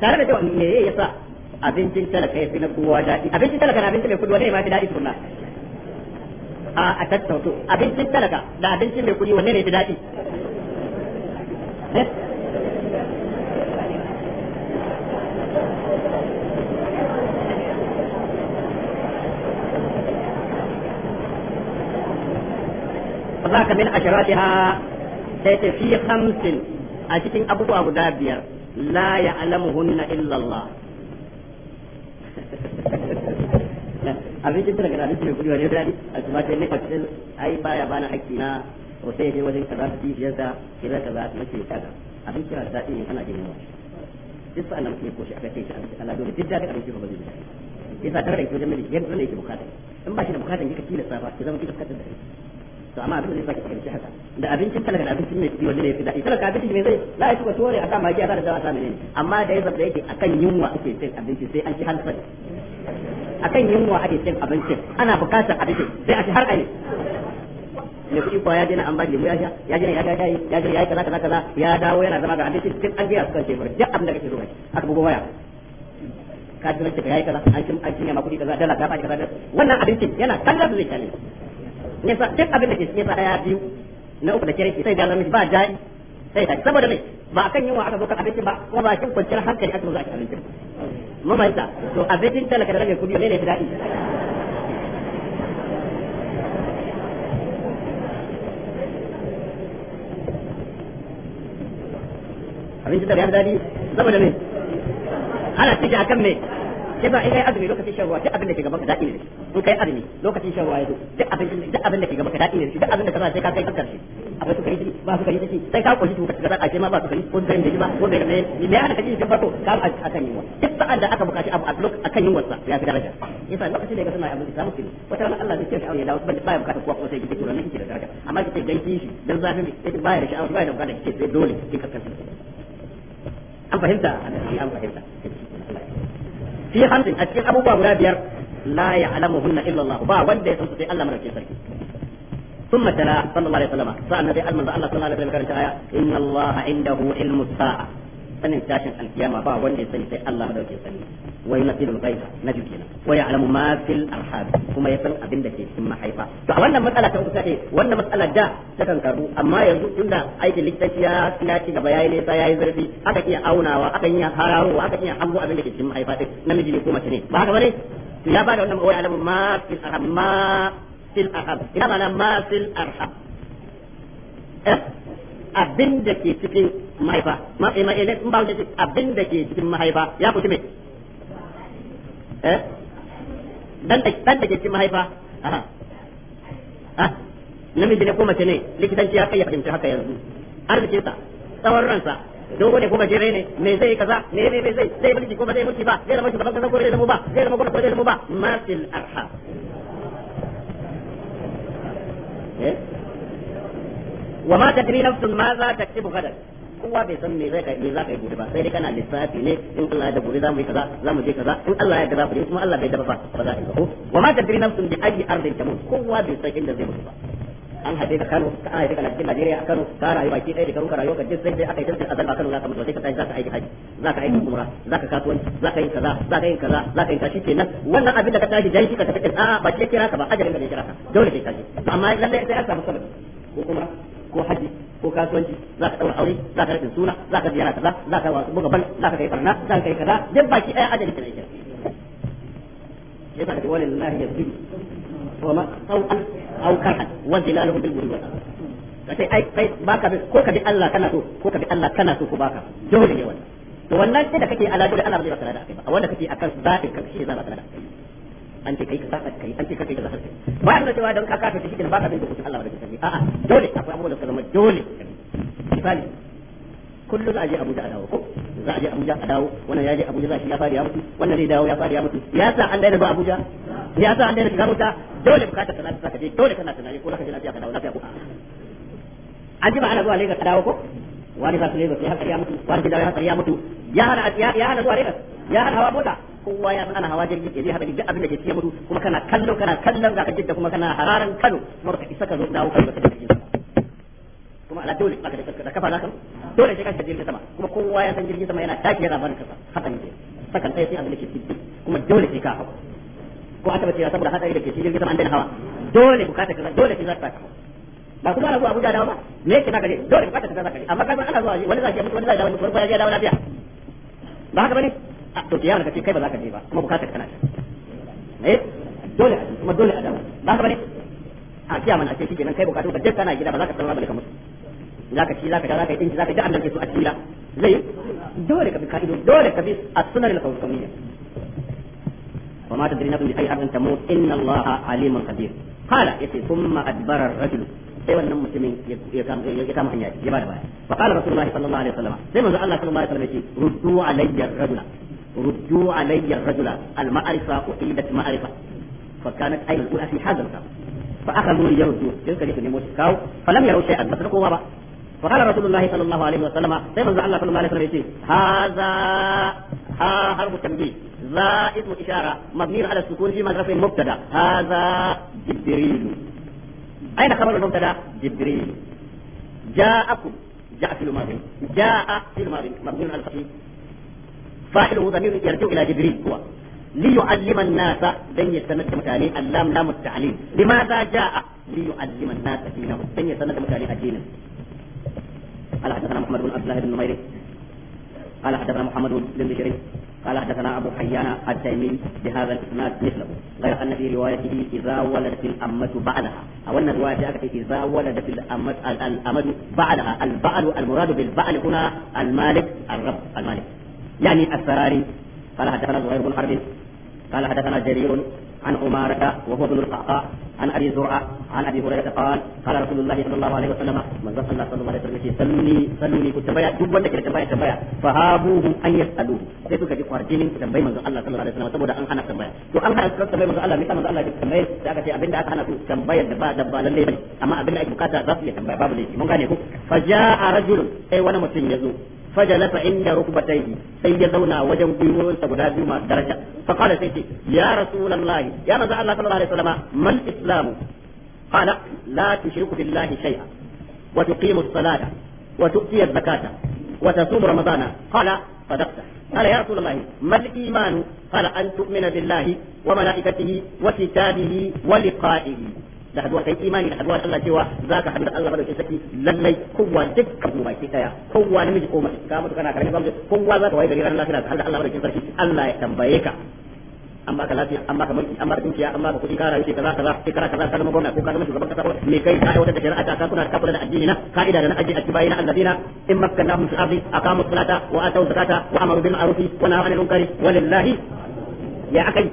Speaker 2: tare da cewa me yasa abincin talaka ya fi na kowa daɗi abincin talaka na abincin mai kudi wanda ya fi daɗi tukunna a a tattauto abincin talaka da abincin mai kudi wanne ne fi daɗi ذاك من أشراتها سيتفي خمس أشتين أبوها أبو دابير لا يعلمهن illa الله abincin tana kudi wani a ai baya bana haƙƙi na ya wajen kaza su kira abincin ne kana duk sa'an koshi aka shi dole duk abincin ba zai da to amma abin da zai saka fahimci haka da abincin talaka da abincin mai kuɗi wanda ne fi daɗi talaka abincin mai zai za a yi tuka tuwore a sa magi a sa da dawa sa menene amma da ya zabda yake akan yunwa ake cin abinci sai an ci har sai akan yunwa ake cin abinci ana bukatar abinci sai a ci har ai ne kuɗi kwa ya je na an ba lemu ya sha ya je ya ga kai ya je ya kaza kaza kaza ya dawo yana zama ga abincin cikin an gaya sukan shekaru duk abin da kake so kai aka bugo waya ka ji ranka yayi kaza an kin an kin ma kuɗi kaza dala ta ba kaza wannan abincin yana kallon zai kalle ne duk abin da ke cikin daya biyu na uku da kire sai da namiji ba dai sai ta saboda mai ba akan yunwa aka zo kan abinci ba kuma ba kin kwanciyar hankali aka zo za a ci mun to abincin talaka da rage kudi ne ne ta dadi
Speaker 3: abinci da ya dadi saboda me ana ciki akan me
Speaker 2: yasa in kai azumi lokacin shan ruwa duk abin da ke gaban ka daɗi ne in kai azumi lokacin shan ruwa ya zo duk abin duk abin da ke gaban ka daɗi ne duk abin da kana sai ka kai kankar shi akwai su kai shi ba su kai shi sai ka koshi tuka kaza ake ma ba su kai ko da ba ko da ne me ya kace shi farko ka kan yiwa duk sa'an da aka bukaci abu a lokacin akan yunwar sa ya fi daraja yasa lokacin da ka suna abin da mutum wata ran Allah zai ce shi ya dawo ba ya bukata kuwa ko sai kike tura ne kike da daraja amma kike ganki shi dan zafin ne kike ba ya da shi ba ya da bukata kike sai dole kike kaskanta an fahimta an fahimta fi hamsin a cikin abubuwa guda biyar la ya'lamuhunna illa Allah ba wanda ya san su sai Allah madaukakin sarki ثم تلا صلى الله عليه وسلم سألنا في المنزل الله صلى الله عليه وسلم كانت إن الله عنده علم الساعة sanin tashin alkiyama ba wanda ya sani sai Allah yake sani wai tilul bayta na biyu na. wa ya'lamu ma fil arham kuma ya san abin da ke cikin mahaifa to a wannan matsala ta uku kace wannan matsala da ta kan karu amma yanzu tunda aikin likitanci ya ya ci gaba yayi nesa yayi zurfi aka iya aunawa aka iya hararowa aka iya hango abin da ke cikin mahaifa din namiji ne ko mace ne ba haka bane to ya bada wannan wa ya'lamu ma fil arham ma fil arham ina ma fil arham eh, abin da ke cikin mahaifa eh, eh, ne ba da abin da ke cikin mahaifa ya kuci mai eh dan da dan da ke cikin mahaifa ah, namiji ne ko mace ne likitanci ya kai ya fahimci haka yanzu arzikinsa tsawon ransa dogo ne ko gajere ne me zai kaza me ne me zai zai mulki ko ba zai mulki ba zai zama shugaban kaza ko zai zama ba zai zama gwamna ko zai zama ba masil arha
Speaker 4: eh
Speaker 3: وما تدري نفس
Speaker 2: ماذا تكسب غدا kowa bai san me zai kai me za ka yi gobe ba sai dai kana lissafi ne in Allah ya dabure zamu yi kaza zamu je kaza in Allah ya da zamu yi kuma Allah bai da ba ba za a yi ba ko wa ma tadri nafsun bi ayi ardin tamut kowa bai san inda zai mutu ba an haɗe da Kano ka haɗe kana cikin Najeriya a Kano ka rayu baki ɗaya da Kano ka rayu ka sai dai aka yi tantar azal zaka Kano zaka mutu sai ka tashi ka aiki haji ka aiki umra zaka kasuwanci ka yi kaza ka yi kaza ka yi kashi kenan wannan abin da ka tashi dan shi ka tafi a'a ba ke kira ka ba ajarin da ne kira ka dole kai ka je amma lalle sai an samu sababi ko umra ko haji ko kasuwanci aure za ka rikin suna za ka ji yana kaza za ka buga bal za ka kai farna za ka kai kaza duk baki ɗaya ajali ta zai yasa da wani lahi ya zubi wa ma sauƙan au karhan wa zilaluhu bil gurbi ka sai ai kai ba ka ko ka bi Allah kana so ko ka bi Allah kana so ko baka dole ne wannan to wannan sai da kake ala da Allah bai baka da ba wanda kake akan zafin ka shi zai baka da an ce kai ka saka kai an ce kai ka zaka ba da cewa don ka kafa shi kin ka bin da kusa Allah ba da sani a'a dole akwai abubuwan da suka zama dole misali kullum za a je Abuja a dawo ko za a je Abuja a dawo wannan ya je Abuja za shi ya fadi ya mutu wannan zai dawo ya fadi ya mutu ya sa an daina ba Abuja ya sa an daina shiga mota dole ta kana ka je dole kana tunani ko zaka je lafiya ka dawo lafiya ko an ji ba ana zuwa Lagos ka dawo ko wani ba su Lagos ya har ya mutu wani gida ya har ya mutu ya hana ya hana zuwa Lagos ya hana hawa mota kowa ya san ana hawa jirgi ke zai haɗa duk abin da ke cikin mutu kuma kana kallo kana kallon zaka jidda kuma kana hararan Kano kuma ka isa ka zo dawo kai ba ka jirgi kuma ala dole baka da kafa naka dole sai ka shiga jirgin sama kuma kowa ya san jirgin sama yana take yana barin kasa haka ne sakan sai sai abin da ke cikin kuma dole sai ka hawa ko aka bace saboda hadari da ke cikin jirgin sama an daina hawa dole bukata kaza dole sai za ka ba kuma ana zuwa Abuja dawo ba me yake zaka je dole bukata kaza ka je amma kaza ana zuwa wani zai mutu wani zai dawo farko ya je dawo lafiya ba haka bane a ke yana kace kai ba ka je ba kuma bukata kana ne eh? dole kuma dole a dawo ba haka bane a kiyama na ce kike nan kai bukatu ka je a gida ba za ka tsara ba da kamar zaka ci zaka zaka yi dinki zaka ji annabi su a cikin zai dole ka bi ka'ido dole ka bi as-sunnah al-kawkaniyya wa ma tadri nafsun bi ayyi ardin tamut inna allaha alimun qadir qala yace thumma adbara ar-rajul sai wannan mutumin ya kama hanya ya bada baya fa qala rasulullah sallallahu alaihi wasallam sai manzo Allah sallallahu alaihi wasallam yace ruddu alayya ar-rajula ruddu alayya ar-rajula al-ma'rifa uqidat ma'rifa fa kanat ayyu al-ula fi hadha al-qam فاخذوا يردوا تلك الكلمه كاو فلم يروا شيئا بس ba فقال رسول الله صلى الله عليه وسلم سيف الله صلى الله عليه وسلم هذا ها حرف التنبيه ذا اسم إشارة مبني على السكون في مجرف المبتدا هذا جبريل أين خبر المبتدا جبريل جاءكم جاء في الماضي جاء في الماضي مبني على الفتح فاعله ضمير يرجع إلى جبريل هو ليعلم الناس بين يستمد مكاني اللام لام التعليم لماذا جاء ليعلم الناس دينه بين يستمد مكاني الدين قال حدثنا محمد بن عبد الله بن نمير قال حدثنا محمد بن بشير قال حدثنا ابو حيان التيمي بهذا الاسناد مثله غير ان في روايته اذا ولدت الامه بعدها او ان روايته اذا ولدت الامه الامة بعدها البعل المراد بالبعل هنا المالك الرب المالك يعني السراري قال حدثنا زهير بن حرب قال حدثنا جرير عن عمارة وهو ابن القعقاع عن ابي زرعه عن ابي هريره قال قال رسول الله صلى الله عليه وسلم من الله صلى الله عليه وسلم سلني سلني كنت بيا an yasalu sai suka ji kwarjinin tambayi manzon Allah sallallahu an hana tambaya to an hana su tambayi manzon Allah ne manzon Allah ya da aka ce abinda aka da ake bukata za su iya babu laifi mun gane ko fa mutum ya zo فجلس عند ركبتيه سي يزونا وجن بيوت سبدا بما درجة فقال سيدي يا رسول الله يا رسول الله صلى الله عليه وسلم ما الإسلام قال لا تشرك بالله شيئا وتقيم الصلاة وتؤتي الزكاة وتصوم رمضان قال صدقت قال يا رسول الله ما الإيمان قال أن تؤمن بالله وملائكته وكتابه ولقائه da haduwa kai imani da haduwa Allah cewa zaka hadu da Allah madaukakin saki lallai kowa dukkan mu baki daya kowa namiji ko mace ka mutu kana karamin zamani kowa zaka waye gari ran lafiya har da Allah madaukakin sarki Allah ya tambaye ka Amma baka lafiya an baka mulki an baka dukiya an baka kuɗi kara yake kaza kaza sai kara kaza kana magana ko ka zama shugaban kasa me kai ka aiwatar da shari'a ta kuna kafara da addini na ka'ida da na aji a tibayina allazina in makkannahum fil ardi aqamu salata wa atu zakata wa amaru bil ma'ruf wa nahaw anil munkari walillahi ya akai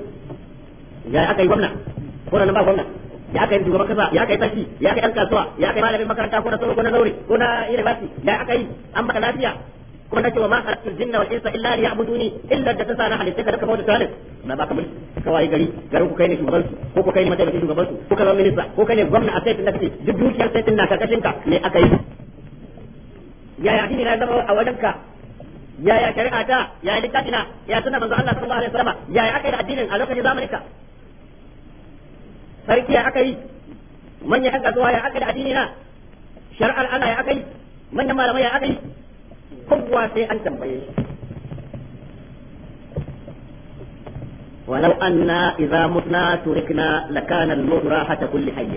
Speaker 2: ya akai gwamna ko na ba gwamna ya kai shugaban kasa ya kai sarki ya kai ɗan kasuwa ya kai malamin makaranta ko na sauro ko na zaure ko na university ya aka yi an baka lafiya kuma nake wa ma su jinna wal insa illa liya'buduni illa da tasana halitta ka da kamar talib na baka mulki ka wayi gari garin ku kai ne shugaban su ko ku kai ne mataimakin shugaban su ko ka zama minista ko kai ne gwamna a saitin nake duk dukiyar saitin na karkashin ka ne aka yi yaya addini na zama a wajen ka yaya shari'a ta yaya littafina ya sunna manzo Allah sallallahu alaihi wasallam yaya aka yi addinin a lokacin zamanin ka sarki ya aka yi manyan yan kasuwa ya aka da addini na shari'ar Allah ya aka yi manyan malamai ya aka yi kowa sai an tambaye shi ولو أنا إذا متنا تركنا لكان الموت راحة كل حي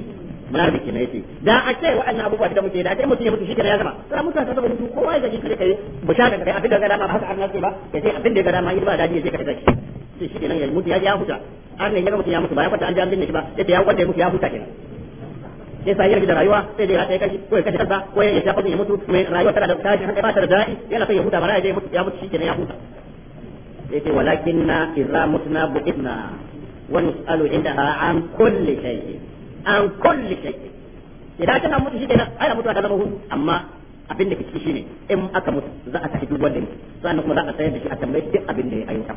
Speaker 2: munafik ne yace da a ce wa'annan abubuwa da muke da sai mutum ya mutu shi ya zama sai mutum ta zama mutu kowa ya gaji kare kai a kai abin a ga dama ba haka annabi ba yace abin da ga dama yi ba dadi yace kai zaki ya mutu ya huta an ne ya mutum ya mutu ba ya kwanta an ji shi ba yace ya kwanta ya mutu ya huta kenan sai sai da rayuwa sai dai ya kai ko ya kashe kansa ko ya shafa ya mutu mai rayuwa tana da tashi ta da da'i yana ya huta ba dai ya mutu ya huta yace idza mutna bu'idna wa nus'alu indaha an kulli an kulli idan kana mutu ai ta zama amma abin da kike shine in aka mutu za a tafi duk wanda sannan kuma za a tsayar da shi a tambayi duk abin da ya ayyuka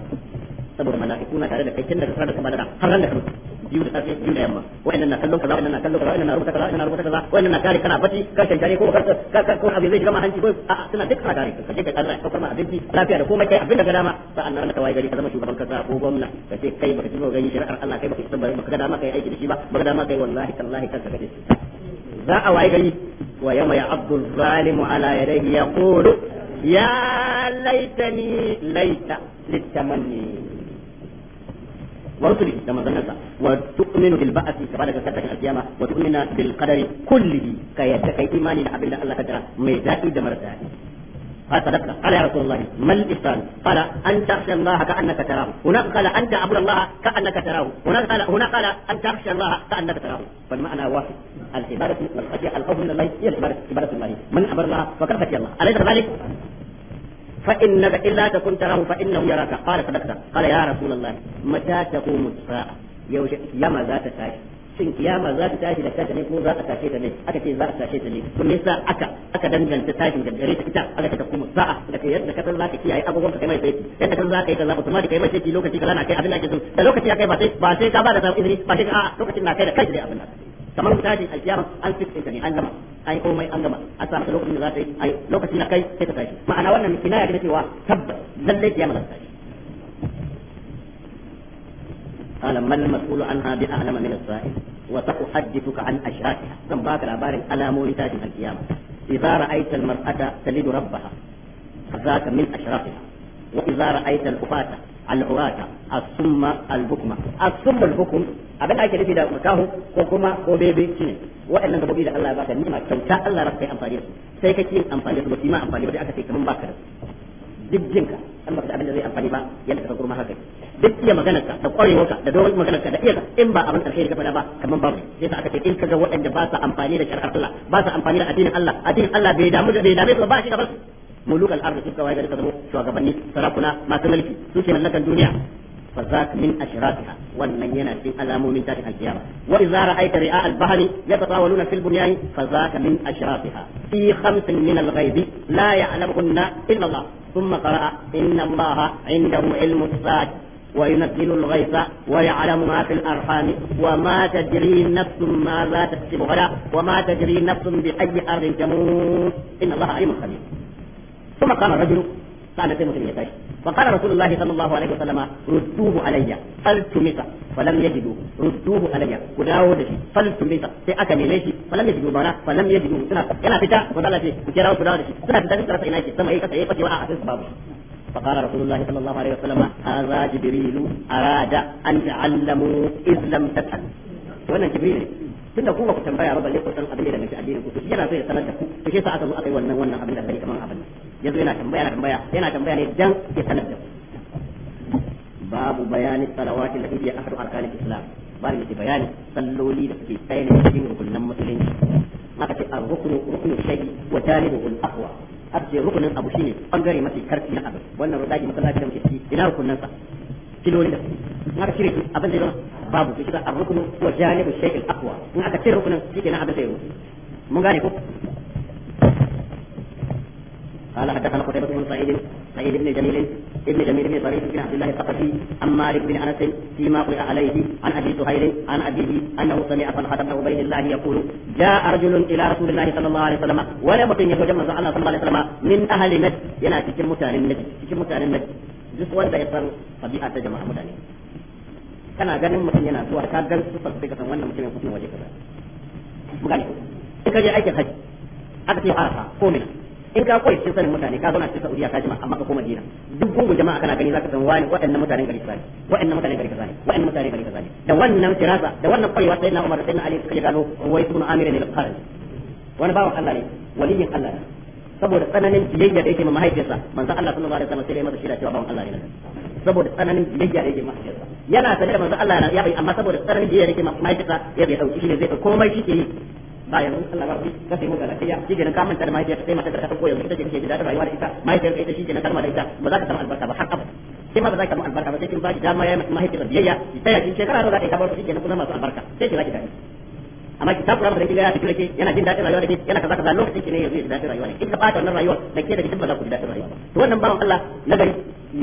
Speaker 2: saboda mala'iku na tare da kai tun daga sanar da kamar da har ran da kamar biyu da safe biyu da yamma wa'annan na kallon kaza wa'annan na kallon kaza wa'annan na rubuta kaza wa'annan na rubuta kaza wa'annan na kare kana ka ko ka ka ko abin zai shiga ma hanci ko a suna duk kana kare ka je ka Allah ka farma abinci lafiya da komai kai abin da ga dama sa'an nan ka gari ka zama shugaban kaza ko gwamna ka ce kai baka Allah kai baka baka ga dama kai aiki da shi ba baka dama kai wallahi tallahi kanka
Speaker 3: za a waye gari
Speaker 2: wa yawma ya'abdu zalimu ala yadayhi yaqulu ya laitani laita ورسله كما ذكرت وتؤمن بالبعث كما ذكرت القيامة وتؤمن بالقدر كله كي كي إيماني لعبد الله قدر ميزائي دمر قال صدقت قال يا رسول الله ما الإفطار قال أن تخشى الله كأنك تراه هناك قال أن تعبد الله كأنك تراه هناك قال هناك قال أن تخشى الله كأنك تراه فالمعنى واحد العبادة والخشية الخوف من الله هي العبادة عبادة الله من عبد الله فقد خشي الله أليس كذلك؟ فإنك إلا تكن تراه فإنه يراك قال صدقت قال يا رسول الله متى تقوم الساعة يوجد يما ذات تاشي shin kiyama za ta tashi da kanta ne ko za a tashe ta ne aka ce za a tashe ta ne kun nisa aka aka danganta tashin da gare ta ita aka ta kuma sa'a da kai yadda kasan za ka kiyaye abubuwan ka kai mai sai yadda kasan za ka yi kaza kuma kai mai sai lokaci kaza na kai abin da ake so da lokaci ya kai ba sai ba sai ka ba da sabon izini ba sai a lokacin na kai da kai da abin da kamar misali alkiyama an fit ne an gama ai komai an gama a sa lokacin da za ta yi ai lokacin na kai sai ta tashi ma'ana wannan kinaya da cewa tabbas lallai kiyama za ta tashi قال ما المسؤول عنها بأعلم من السائل وسأحدثك عن أشراكها كم باك العبارة على مولتات القيامة إذا رأيت المرأة تلد ربها فذاك من أشراكها وإذا رأيت الأفاة al'urata as-summa al-bukma as-summa al-bukum abin da ake nufi da makahu ko kuma ko bebe shine waɗannan gabobi da Allah ya baka nima kyauta Allah raka kai amfani su sai kake jinka amma da abin da zai amfani ba yanda ka gurma haka duk iya ka da kwarewarka da dogon ka da iya in ba abin alheri ka faɗa ba kaman ba sai ka aka ce in ga waɗanda ba sa amfani da shari'ar Allah ba sa amfani da addinin Allah addinin Allah bai damu da bai dame su ba shi da ba ملوك الارض في waye gari ka zama shugabanni sarakuna masu mulki suke لك الدنيا فذاك من أشراكها والمينة في من تاتي القيامة وإذا رأيت رئاء البحر يتطاولون في البنيان فذاك من أشراكها في خمس من الغيب لا يعلمهن إلا الله ثم قرأ إن الله عنده علم الساعة وينزل الغيث ويعلم ما في الأرحام وما تدري نفس ماذا تكسب غدا وما تدري نفس بأي أرض تموت إن الله عليم خبير ثم قام الرجل سأل سيمة بن وقال رسول الله صلى الله عليه وسلم ردوه علي فلتمس فلم يجدوه ردوه علي وداو دشي فلتمس سي اكا ميليشي فلم يجدوا بنا فلم يجدوا سنا يلا فتا وقال شي كيراو كداو دشي سنا فتا سنا سنا يجي سما يكسا يفتي وانا عسيس بابو فقال رسول الله صلى الله عليه وسلم هذا جبريل أراد أن تعلموا إذ لم تسأل وانا جبريل tunda ku ba ku tambaya ba balle ku san abin da nake addini ku yana so ya sanar da ku to shi sa aka zo aka yi wannan wannan abin da bai kaman abin yanzu yana tambaya tambaya yana tambaya ne dan ya sanar da babu bayani salawati da iya ahadu arkan islam bari ne bayani salloli da suke tsaye ne cikin rukunin musulunci maka ce ar-ruknu ruknu shay'i wa talibu al-aqwa abje rukunin abu shine bangare mafi karfi na abu wannan rudaki masallaci da muke ciki ina rukunin sa kiloli da na ka shirki abin da babu shi da ar-ruknu wa janibu al aqwa in aka ce rukunin kenan abin da yau mun gane ko قال حدثنا قتيبة بن سعيد سعيد بن جميل ابن جميل بن سعيد بن عبد الله الثقفي عن مالك بن انس فيما قرئ عليه عن ابي سهيل عن ابيه انه سمع طلحه بن عبيد الله يقول جاء رجل الى رسول الله صلى الله عليه وسلم ولا متن يتجمع على صلى الله عليه وسلم من اهل نجد ينا cikin mutanen najd cikin mutanen najd duk wanda ya san tabi'a طبيعة jama'a mutane كان ganin mutum ينا zuwa ka gan su sai وانا san wannan mutumin كذا waje kaza mu gane kaje aikin haji aka in ka koyi cikin sanin mutane ka zauna cikin Saudiya ka jima amma ka koma Madina duk gungun jama'a kana gani zaka san wani waɗannan mutanen gari kaza ne waɗannan mutanen gari kaza ne waɗannan mutanen gari kaza ne da wannan firasa da wannan kwarewa sai na Umar sai na Ali suka gano wai ibn Amir ne al-Qarni wani bawan Allah ne waliyin Allah ne saboda tsananin biyayya da yake ma mahaifiyarsa manzon Allah sallallahu alaihi wasallam sai ya masa shida cewa bawan Allah ne saboda tsananin biyayya da yake mahaifiyarsa yana sanar da manzon Allah ya bai amma saboda tsananin biyayya da yake mahaifiyarsa ya bai dauki shi ne zai komai shi ke yi ba yanzu Allah ba ka sai mota lafiya shi kenan ka manta da mahaifiyar sai mata da ta koyo ita ce kake da rayuwa da ita mahaifiyar ita shi kenan karma da ita ba za ka samu albarka ba har sai ma ba za ka samu albarka ba sai kin ba dama ya mahaifiyar biyayya shekara za ka yi kamar shi masu albarka sai ki amma ki da ya yana jin daɗin rayuwa da yana kaza kaza lokacin ki ne yanzu ya daɗin rayuwa ne in ka bata wannan da ke da jikin ba za ku daɗin rayuwa to wannan bawan Allah na gari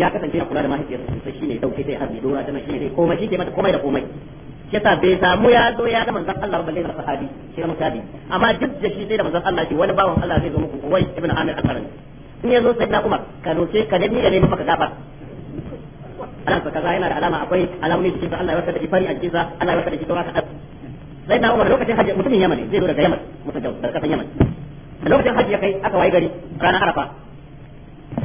Speaker 2: ya kasance ya kula da mahaifiyarsa sai shine dauke ta har ya dora shine komai shi ke mata komai da komai yasa bai samu ya zo ya ga manzon Allah balle da sahabi shi mu tabi amma duk da shi sai da manzon Allah shi wani bawan Allah zai zo muku wai ibn Amir al-Qarni in ya zo sai na Umar ka roke ka da ni da ne maka gaba Allah ka zai na da alama akwai alamomi cikin Allah ya warkar da ifari a jiza Allah ya warkar da shi saura ka sai na Umar lokacin haji mutumin Yaman zai zo daga Yaman mutum da kasan Yaman lokacin haji ya kai aka wayi gari ranar Arafa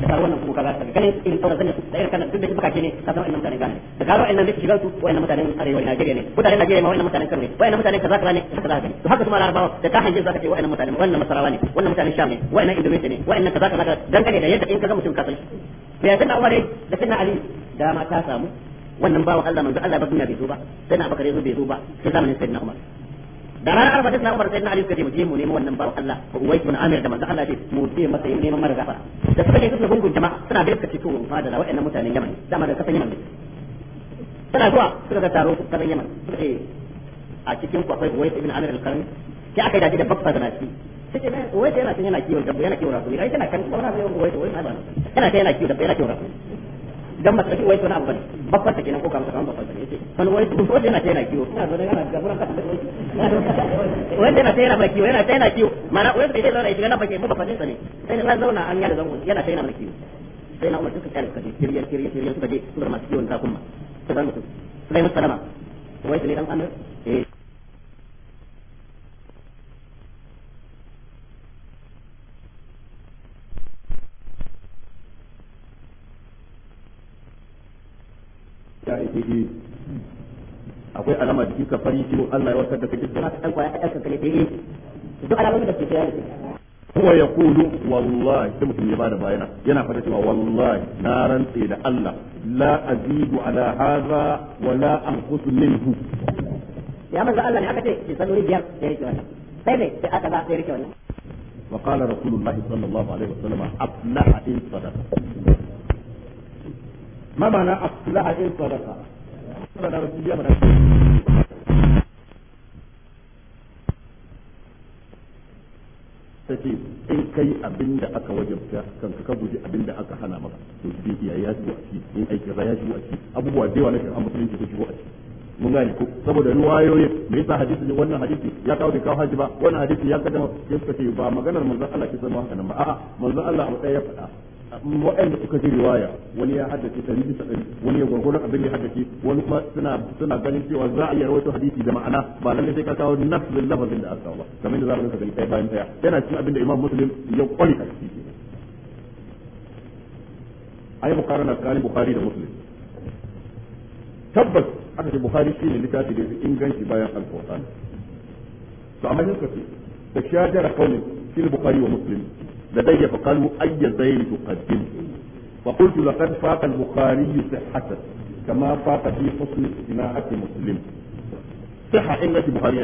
Speaker 2: da karuwan nan kuma kaga daga ganin irin sauran sanya da irin kanan duk da baka ne ka san wannan mutanen gane da karuwan nan da shigar su wayannan mutanen arewa Najeriya ne mutanen Najeriya ma wayannan mutanen Kano ne wayannan mutanen kaza kaza ne to haka kuma Larabawa da zaka ce mutanen wannan Masarawa ne wannan mutanen Sham ne Indonesia ne kaza kaza dan da yadda in kaga mutum ka san shi ya sanna Umar da sanna Ali ta samu wannan bawan Allah manzo Allah ba duniya bai zo ba sai na bakare zo bai zo ba sai zamanin sayyidina Umar da ranar ba ta Umar sai na Ali suka ce mu je mu nemo wannan bawo Allah ko wai bin Amir da manzo Allah ce mu je masa yin neman mara gafara da suka je suka gungun jama'a suna da suka cikin to da wa'annan mutanen Yaman dama da kasan Yaman ne suna zuwa suka ga taro kasan Yaman suka ce a cikin ku akwai Uwais ibn Amir al karim ke aka dace da bakka da nasi sai ce Uwais yana yana kiwon dabba yana kiwon rafi ai yana kan kuma na sai Uwais ba yana yana kiwon dabba yana kiwon rafi dan masu wai to na abu ne ko kamar kamar wai yana kiwo ina zo yana ka yana kiwo yana kiwo mana wai bai zauna na ne sai na yana zango yana kiwo sai na umar masu kiwon sai salama wai dan
Speaker 3: ya akwai alama
Speaker 1: jikin fari Allah ya warkar da kai duk kwaya ka dai da ke yana fata cewa wallahi na rantse da Allah la azidu ala hadha wa la anqusu minhu
Speaker 2: ya manzo Allah ne aka ce ki biyar sai rike wannan sai ne aka ba sai rike wannan
Speaker 1: وقال رسول الله صلى الله عليه وسلم أفلح إن صدق ما معنى أصلها إن صدقة صدقة رسول الله ta ce in kai abin da aka wajabta kanka ka guji abin da aka hana maka to shi ya ya shigo a ci in aiki ra ya shigo a ci abubuwa da yawa na shari'a musulunci su shigo a ci mun gane ko saboda ruwayoyi me yasa hadisi wannan hadisi ya kawo da kawo haji ba wannan hadisi ya kaddama sai suka ce ba maganar manzon Allah ke zama haka nan ba a'a manzon Allah a ya faɗa waɗanda suka ji riwaya wani ya haddace ta bisa ɗari wani ya gwargwaron abin ya haddace wani kuma suna suna ganin cewa za a iya rawaito hadisi da ma'ana ba lalle sai ka kawo nafsin lafazin da aka ba kamar da za mu gani ɗaya bayan ɗaya yana cikin abin da imam muslim ya kware a ciki ai bukari na tsakanin bukari da muslim tabbas aka ce bukari shi ne littafi da inganci bayan alkur'ani to amma yin ce da shajara kaunin fil bukari wa muslim لدي فقالوا أي زين تقدم فقلت لقد فاق البخاري صحة كما فاق في حسن صناعة مسلم صحة إن البخاري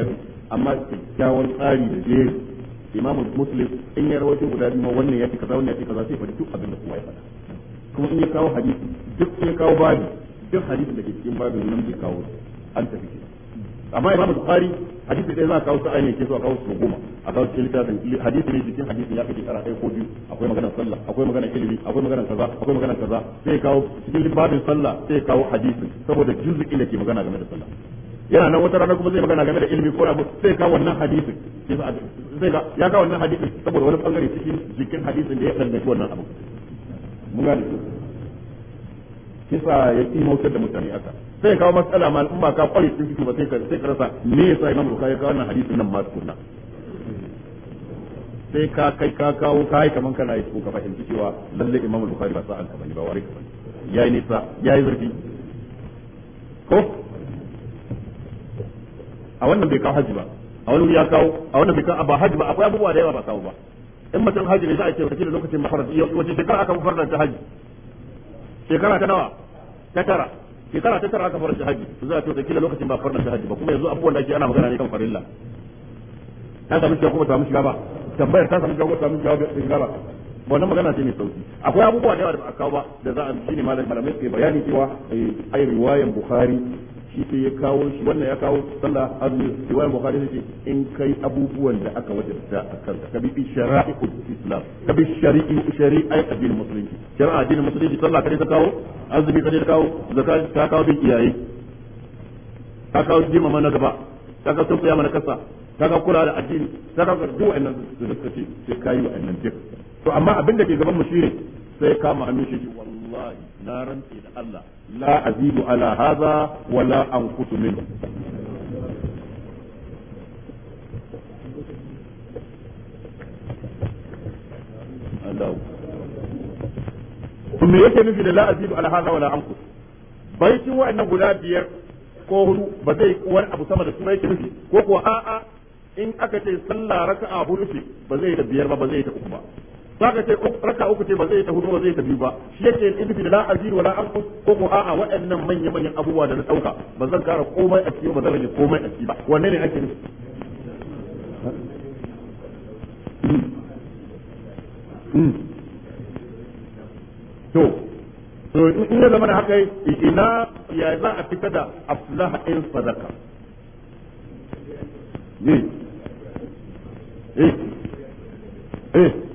Speaker 1: أما كاول قاري لجيه imam muslim in ya rawaito guda biyu wannan ya fi kaza wannan ya fi kaza sai faɗi duk da kowa ya faɗa kawo hadisi duk ya kawo babu duk hadisin da ke cikin babin nan kawo an tafi hadisi dai za a kawo su ainihin ke so a kawo su goma a kawo su littafin hadisi ne jikin hadisi ya fi shekara ɗaya ko biyu akwai magana sallah akwai magana ilimi akwai magana kaza akwai magana kaza sai kawo cikin babin sallah sai kawo hadisi saboda juzuki da ke magana game da sallah yana nan wata rana kuma zai magana game da ilimi ko abu sai kawo wannan hadisin sai ya kawo wannan hadisin saboda wani bangare cikin jikin hadisin da ya danganci wannan abu mun gane kisa ya mautar da mutane aka sai kawo matsala ma ba ka kware cikin ciki ba sai ka sai ka rasa me yasa Imam Bukhari ka wannan hadisin nan masu tukunna sai ka kai ka kawo kai kaman kana yi ka fahimci cewa lalle Imam Bukhari ba sa ka bane ba wari ka bane yayi nisa yayi zurfi ko a wannan bai kawo haji ba a wani ya kawo a wannan bai kawo ba haji ba akwai abubuwa da yawa ba kawo ba in mutum haji ne za a ce wata da lokacin mafarar wace shekara aka mafarar ta haji shekara ta nawa ta tara shekara ta tara aka fara shahadi za a ce kila lokacin ba fara shahadi ba kuma yanzu abubuwan da ake ana magana ne kan farilla ta samu shiga kuma ta samu shiga ba tambayar ta samu shiga kuma ta samu shiga ba shiga ba wannan magana ce mai sauki akwai abubuwa da yawa da ba a kawo ba da za a shine malamai ke bayani cewa eh, ai riwayan bukhari shi ya kawo shi wannan ya kawo sallah azumi riwaya bukhari yake in kai abubuwan da aka wajabta a kanka ka bi shari'ul islam ka bi shari'i shari'ai addinin musulunci shari'a addinin musulunci sallah kare ta kawo azumi kare ta kawo zakat ta kawo bin iyaye ta kawo jima mana gaba ta kawo tsaya mana kasa ta kawo kula da addini ta kawo duk wa'annan da suka ce sai kayi wa'annan duk to amma abin da ke gaban mu shine sai kama hannun shi
Speaker 3: wallahi na rantsi da Allah لا أزيد على هذا ولا أنقص منه
Speaker 1: minhu me yake nufi da la azidu ala hadha wa la anqus baitin wa'annan guda biyar ko hudu ba zai wani abu sama da su yake nufi ko kuwa a'a in aka ce sallah raka'a hudu ce ba zai da biyar ba ba zai da uku ba saka ce raka uku ce ba zai ta hudu ba zai ta biyu ba shi yake ibti la azir wala anqus ko ko a'a waɗannan manya manyan abubuwa da na dauka ba zan kara komai a ciki ba zan rage komai a ciki ba wanne ne ake nufi to to in ya zama da haka ina ya za a fita da aflaha in sadaka ne eh eh, eh.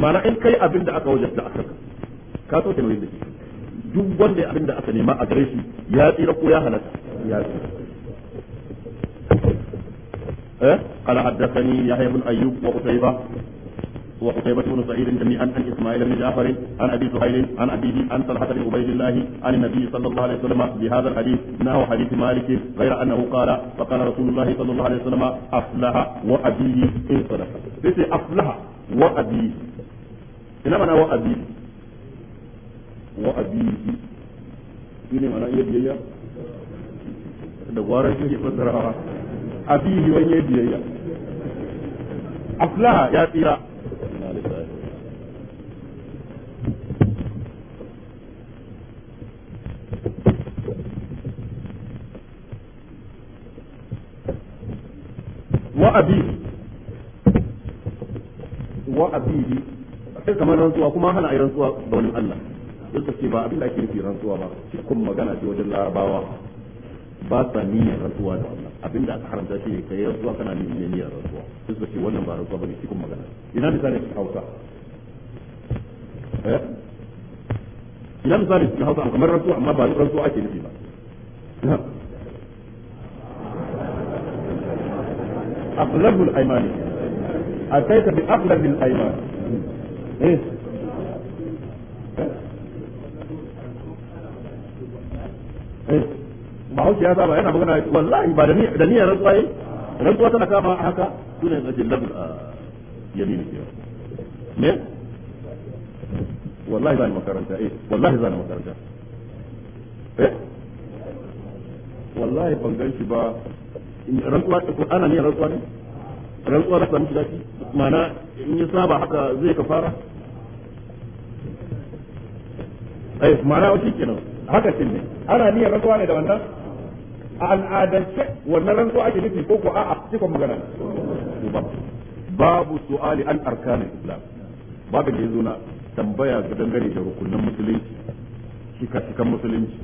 Speaker 1: ma'ana in kai abin da aka wajen da ka so ke nuyin da duk wanda abin da aka nema a gare shi ya tsira ko ya halatta ya tsira eh? jami'an an isma'il ibn ja'far an abi zuhayl an abi an talhah ibn ubaydillah an nabi sallallahu alaihi wasallam bi hadha aflaha wa ina mana wa abi wa abi shi ne mana iya biyayya da gwaran shi ke abi abihi wani ya biyayya aflaha ya tsira wa abi wa abi sai kamar rantsuwa kuma hana a yi rantsuwa da wani Allah duk da ba abin da ake nufi rantsuwa ba shi magana ce wajen larabawa ba sa niyyar rantsuwa da Allah abin da aka haramta shi ne kai rantsuwa kana niyyar rantsuwa duk da ce wannan ba rantsuwa bane shi kuma magana ina misali cikin Hausa eh ina misali cikin Hausa kamar rantsuwa amma ba rantsuwa ake nufi ba أغلب الأيمان أتيت بأغلب الأيمان Eh. Eh. ba hauki ya saba yana magana wallahi ba da yi rantsuwa tana kama haka yin ajin a ne wallahi zani makaranta eh wallahi zani makaranta eh wallahi ba rantsuwa zai ka fara ai eh, ma'ana wace kenan haka shi ne ana niyyar rantsuwa ne da wannan a al'adance wannan rantsuwa ake nufi ko ko a'a cikin magana babu su'ali an arkanin islam babu da yazo na tambaya ga dangane da rukunin musulunci shika shikan musulunci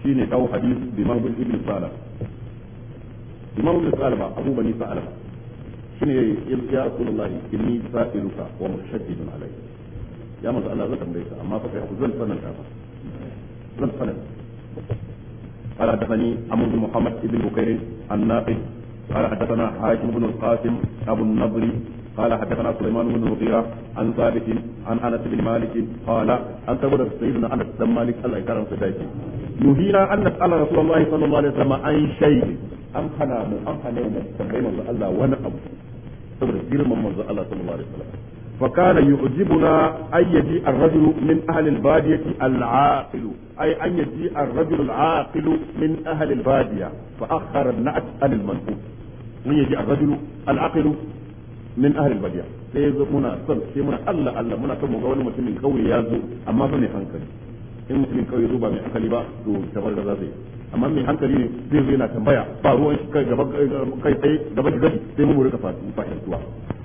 Speaker 1: shine dau hadis bi mabul ibn salah imam ibn ba abu bani salah shine ya rasulullahi inni sa'iluka wa mushaddidu alayhi ya manzo Allah zan tambaye ka amma fa kai zan sanin ka والسند قال حدثني عمرو بن محمد بن بكير الناقد قال حدثنا حاتم بن القاسم ابو النضر قال حدثنا سليمان بن المغيرة عن ثابت عن انس بن مالك قال ان كبر سيدنا انس بن مالك الله يكرم سيدنا نهينا ان نسال رسول الله صلى الله عليه وسلم عن شيء an hana mu an hana mu tambayi manzo Allah wani abu saboda girman manzo Allah sallallahu alaihi wasallam فكان يعجبنا أن يجيء الرجل من أهل البادية العاقل أي أن يجيء الرجل العاقل من أهل البادية فأخر النعت عن المنقول يجيء الرجل العاقل من أهل البادية in mutumin kauye zo ba mai hankali amma mai hankali ne zai yana tambaya ba ruwan kai sai mu rika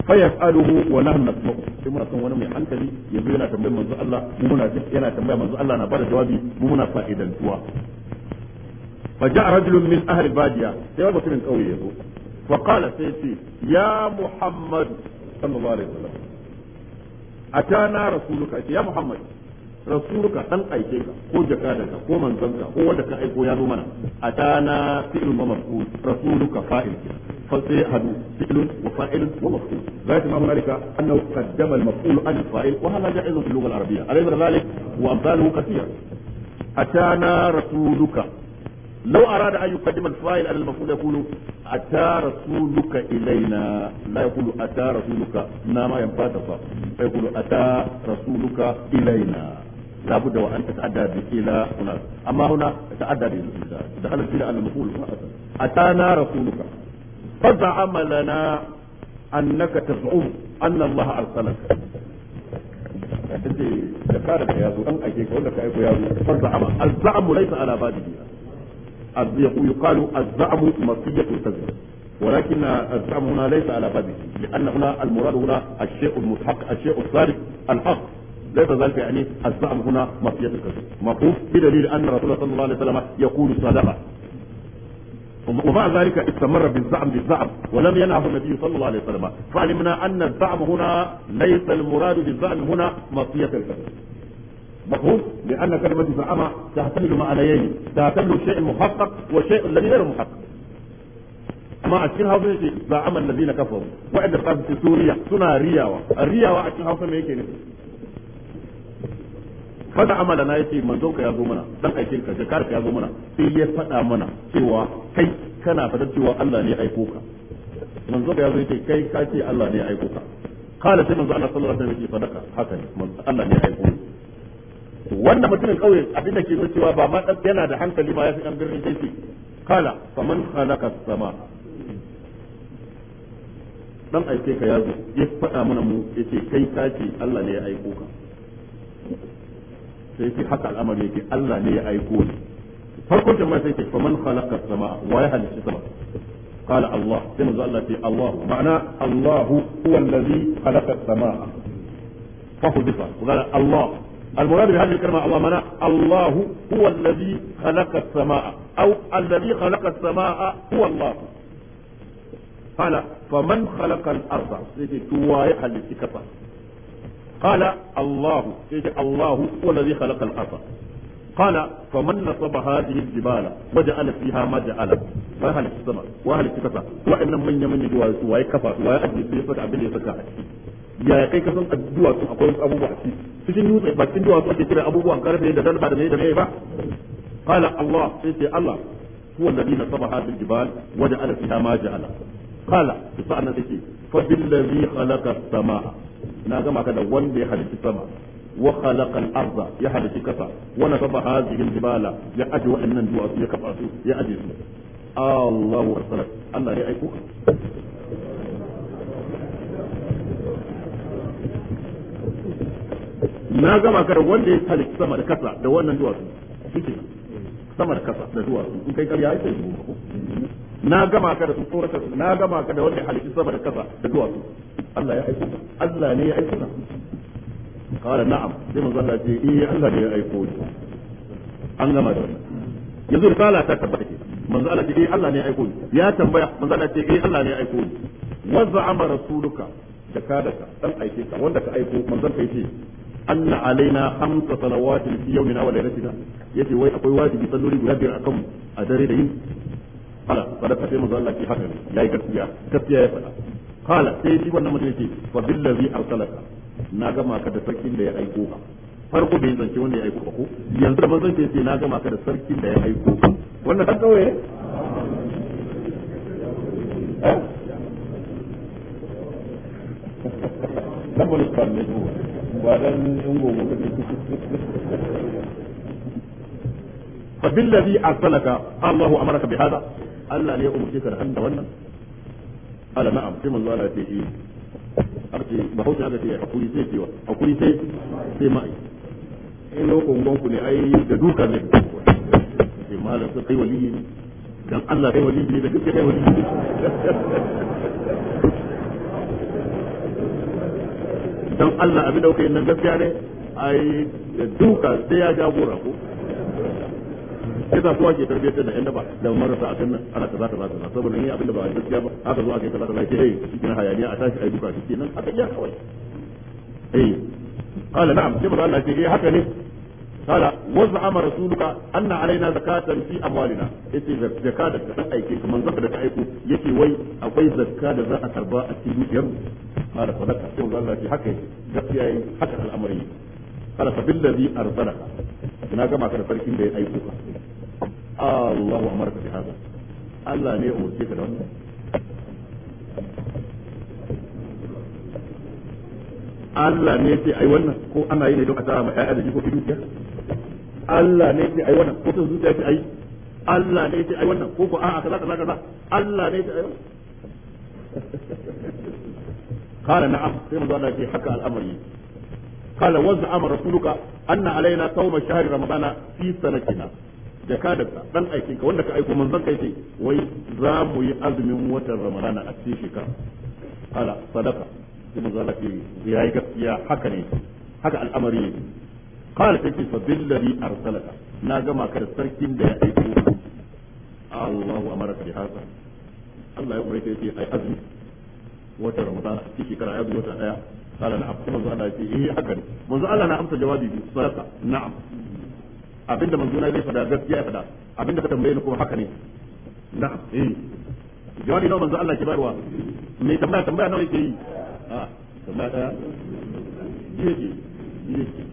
Speaker 1: fa yas'aluhu wa nahnu nasma'u sai muna son wani mai hankali yanzu yana tambayar manzo Allah mu muna yana tambaya manzo Allah na bada jawabi mu muna fa'idantuwa fa ja'a rajulun min ahli badiya sai wani mutumin kauye yazo fa qala sai ce ya muhammad sallallahu alaihi wasallam atana rasuluka ya muhammad rasuluka dan aike ka ko jakadanka ko ko wanda ka aiko ya zo mana atana fi'il mamfud rasuluka fa'il kenan فعل وفاعل ومفعول غاية ما هنالك أنه قدم المفعول عن الفاعل وهذا جائز في اللغة العربية أليس ذلك وأمثاله كثيرة أتانا رسولك لو أراد أن يقدم الفاعل على المفعول يقول أتى رسولك إلينا لا يقول أتى رسولك نام ينفاتك فيقول أتى رسولك إلينا لابد وأن تتعدى إلى هناك أما هنا تتعدى الى دخلت إلى المفعول أتانا رسولك فزعم لنا أنك تزعم أن الله أرسلك kace da kare ka yazo an ake ka wanda ka aiko yazo farza'ama az-za'mu laysa ala badihi az-yaqu yuqalu az-za'mu masiyatu tazam ولكن الزعم هنا ليس على بابه لان هنا المراد هنا الشيء المتحق الشيء الصادق الحق ليس ذلك يعني الزعم هنا مصية الكذب مفهوم بدليل ان رسول الله صلى الله عليه وسلم يقول صدقه ومع ذلك استمر بالزعم بالزعم ولم ينعه النبي صلى الله عليه وسلم فعلمنا أن الزعم هنا ليس المراد بالزعم هنا مطية الكذب مفهوم لأن كلمة زعم تحتمل معنيين تحتمل الشيء المحقق والشيء الذي غير محقق amma a cikin hausa yake za amal ladina kafaru wa'anda su suriya suna riyawa riyawa a cikin hausa me yake ne fada amala na yace manzon ka ya zo mana dan aikin ka da karka ya zo mana sai ya fada mana cewa kai kana fadar cewa Allah ne ya aiko ka manzon ka ya zo yace kai ka ce Allah ne ya aiko ka kala sai manzo Allah sallallahu alaihi wasallam fada ka haka ne Allah ne ya aiko wannan mutumin kauye abinda ke nuna cewa ba ma dan yana da hankali ba ya fi dan birni sai Kala kala faman khalaqa as-sama dan aike ka ya zo ya fada mana mu yace kai ka ce Allah ne ya aiko ka sai ce haka al'amari yake Allah ne ya aiko ni farkon jama'a sai ce faman khalaqa samaa wa ya halitta sama qala Allah sai manzo Allah ce Allah ma'ana Allah huwa allazi khalaqa samaa fa hudifa kuma Allah المراد بهذه الكلمة الله منا الله هو الذي خلق السماء أو الذي خلق السماء هو الله قال فمن خلق الأرض سيدي تواي حل قال الله الله هو الذي خلق الأرض قال فمن نصب هذه الجبال وجعل فيها ما جعل واهل السماء واهل الكفا وان من يمن جوا سواي كفا سواي اجي في فتا ابن يسكا ya kai ka san addu'a su akwai abubuwa a ciki cikin duwatsu ake kira abubuwan karfe da dalba da ne da ne ba qala allah sai ce allah huwa alladhi nasaba hadhihi aljibal wa ja'ala fiha ma take fa samaa na gama ka da wanda ya halitta sama wa khalaqa al-ardha ya halitta kasa wa nasaba hadhihi al-jibala ya aji wa'annan duwatsu ya kafa su ya aji su Allahu akbar Allah ya aiko na gama ka da wanda ya halitta sama da kasa da wannan duwatsu shi sama da kasa da duwatsu in kai karya ya ce zuwa na gama ka da su ka na gama ka da wani halitta sama da kasa da duwatsu Allah ya aiko Allah ne ya aiko na. kala na'am sai manzo Allah ce eh Allah ne ya aiko ni an gama da yanzu da kala ta tabbata ke manzo Allah ce eh Allah ne ya aiko ni ya tambaya manzo Allah ce eh Allah ne ya aiko ni wa za'ama rasuluka da ka da ka dan aike ka wanda ka aiko manzo kai ce anna alaina hamsa salawatin fi yawmina wa laylatina yace wai akwai wajibi salloli guda biyar akan a dare da yin ala sadaka sai haka ne yayi gaskiya gaskiya ya sai shi wannan mutum yake fa billazi arsalaka na gama ka da sarkin da ya aiko ka farko zance wanda ya aiko ka ko yanzu da na gama ka da sarkin da ya aiko ka wannan ne eh? *laughs* ba dan *laughs* Allah ne ya umarci ka da hannu wannan ala na'am sai manzo Allah ya ce eh arti ba hausa aka ce hakuri sai cewa hakuri sai sai mai in lokon gonku ne ai da duka ne sai malam sai kai wali ne dan Allah kai wali ne da kike kai waliyi dan Allah abin da kai nan gaskiya ne ai da duka sai ya jagora ko yasa kowa ke tarbiyyar da yan daba da marasa akan nan ana kaza kaza kaza saboda ni abin da ba gaskiya ba aka zo aka yi kaza kaza cikin hayaniya a tashi ai duka shi nan aka iya kawai na'am sai Allah ce eh haka ne قال وزعم رسولك ان علينا زكاة في اموالنا yace zakka da ta aike kuma zakka da ta aiko yace wai akwai zakka da za a karba a cikin dukiyar qala sadaka sai manzo Allah ce haka gaskiya yi haka al'amari fa billazi ina da sarkin da ya aiko ka Allahu amarka bi hada Allah ne ya umarce ka da wannan Allah ne ce ai wannan ko ana yi ne don a tsara ma ƴaƴa da jiko fi dukiya Allah ne ce ai wannan ko sun zuciya ce ai Allah ne ce ai wannan ko ko a'a kaza kaza kaza Allah ne ce ai قال نعم sai manzo في حق الامر قال وزع امر رسولك ان علينا صوم شهر رمضان في سنتنا da dan aikin ka wanda ka aiko manzon kai ce wai za mu yi azumin watan ramadana a cikin shekara ala sadaka sai manzo Allah yi yayi gaskiya haka ne haka al'amari ne qala take fa billahi arsalaka na gama ka da sarkin da ya aiko Allahu ka bi haka Allah ya umarce yake ai azumi watan ramadana a cikin shekara ya wata daya قال نعم ثم قال إيه Allah na amsa نعم جوابي Sadaka na'am. abinda manzuna zai fada gaskiya ya fada abinda ka tambaye ni kuma haka ne na eh jawabi nawa manzo Allah ke barwa me tambaya tambaya nawa yake yi a ah, tambaya daya yake yake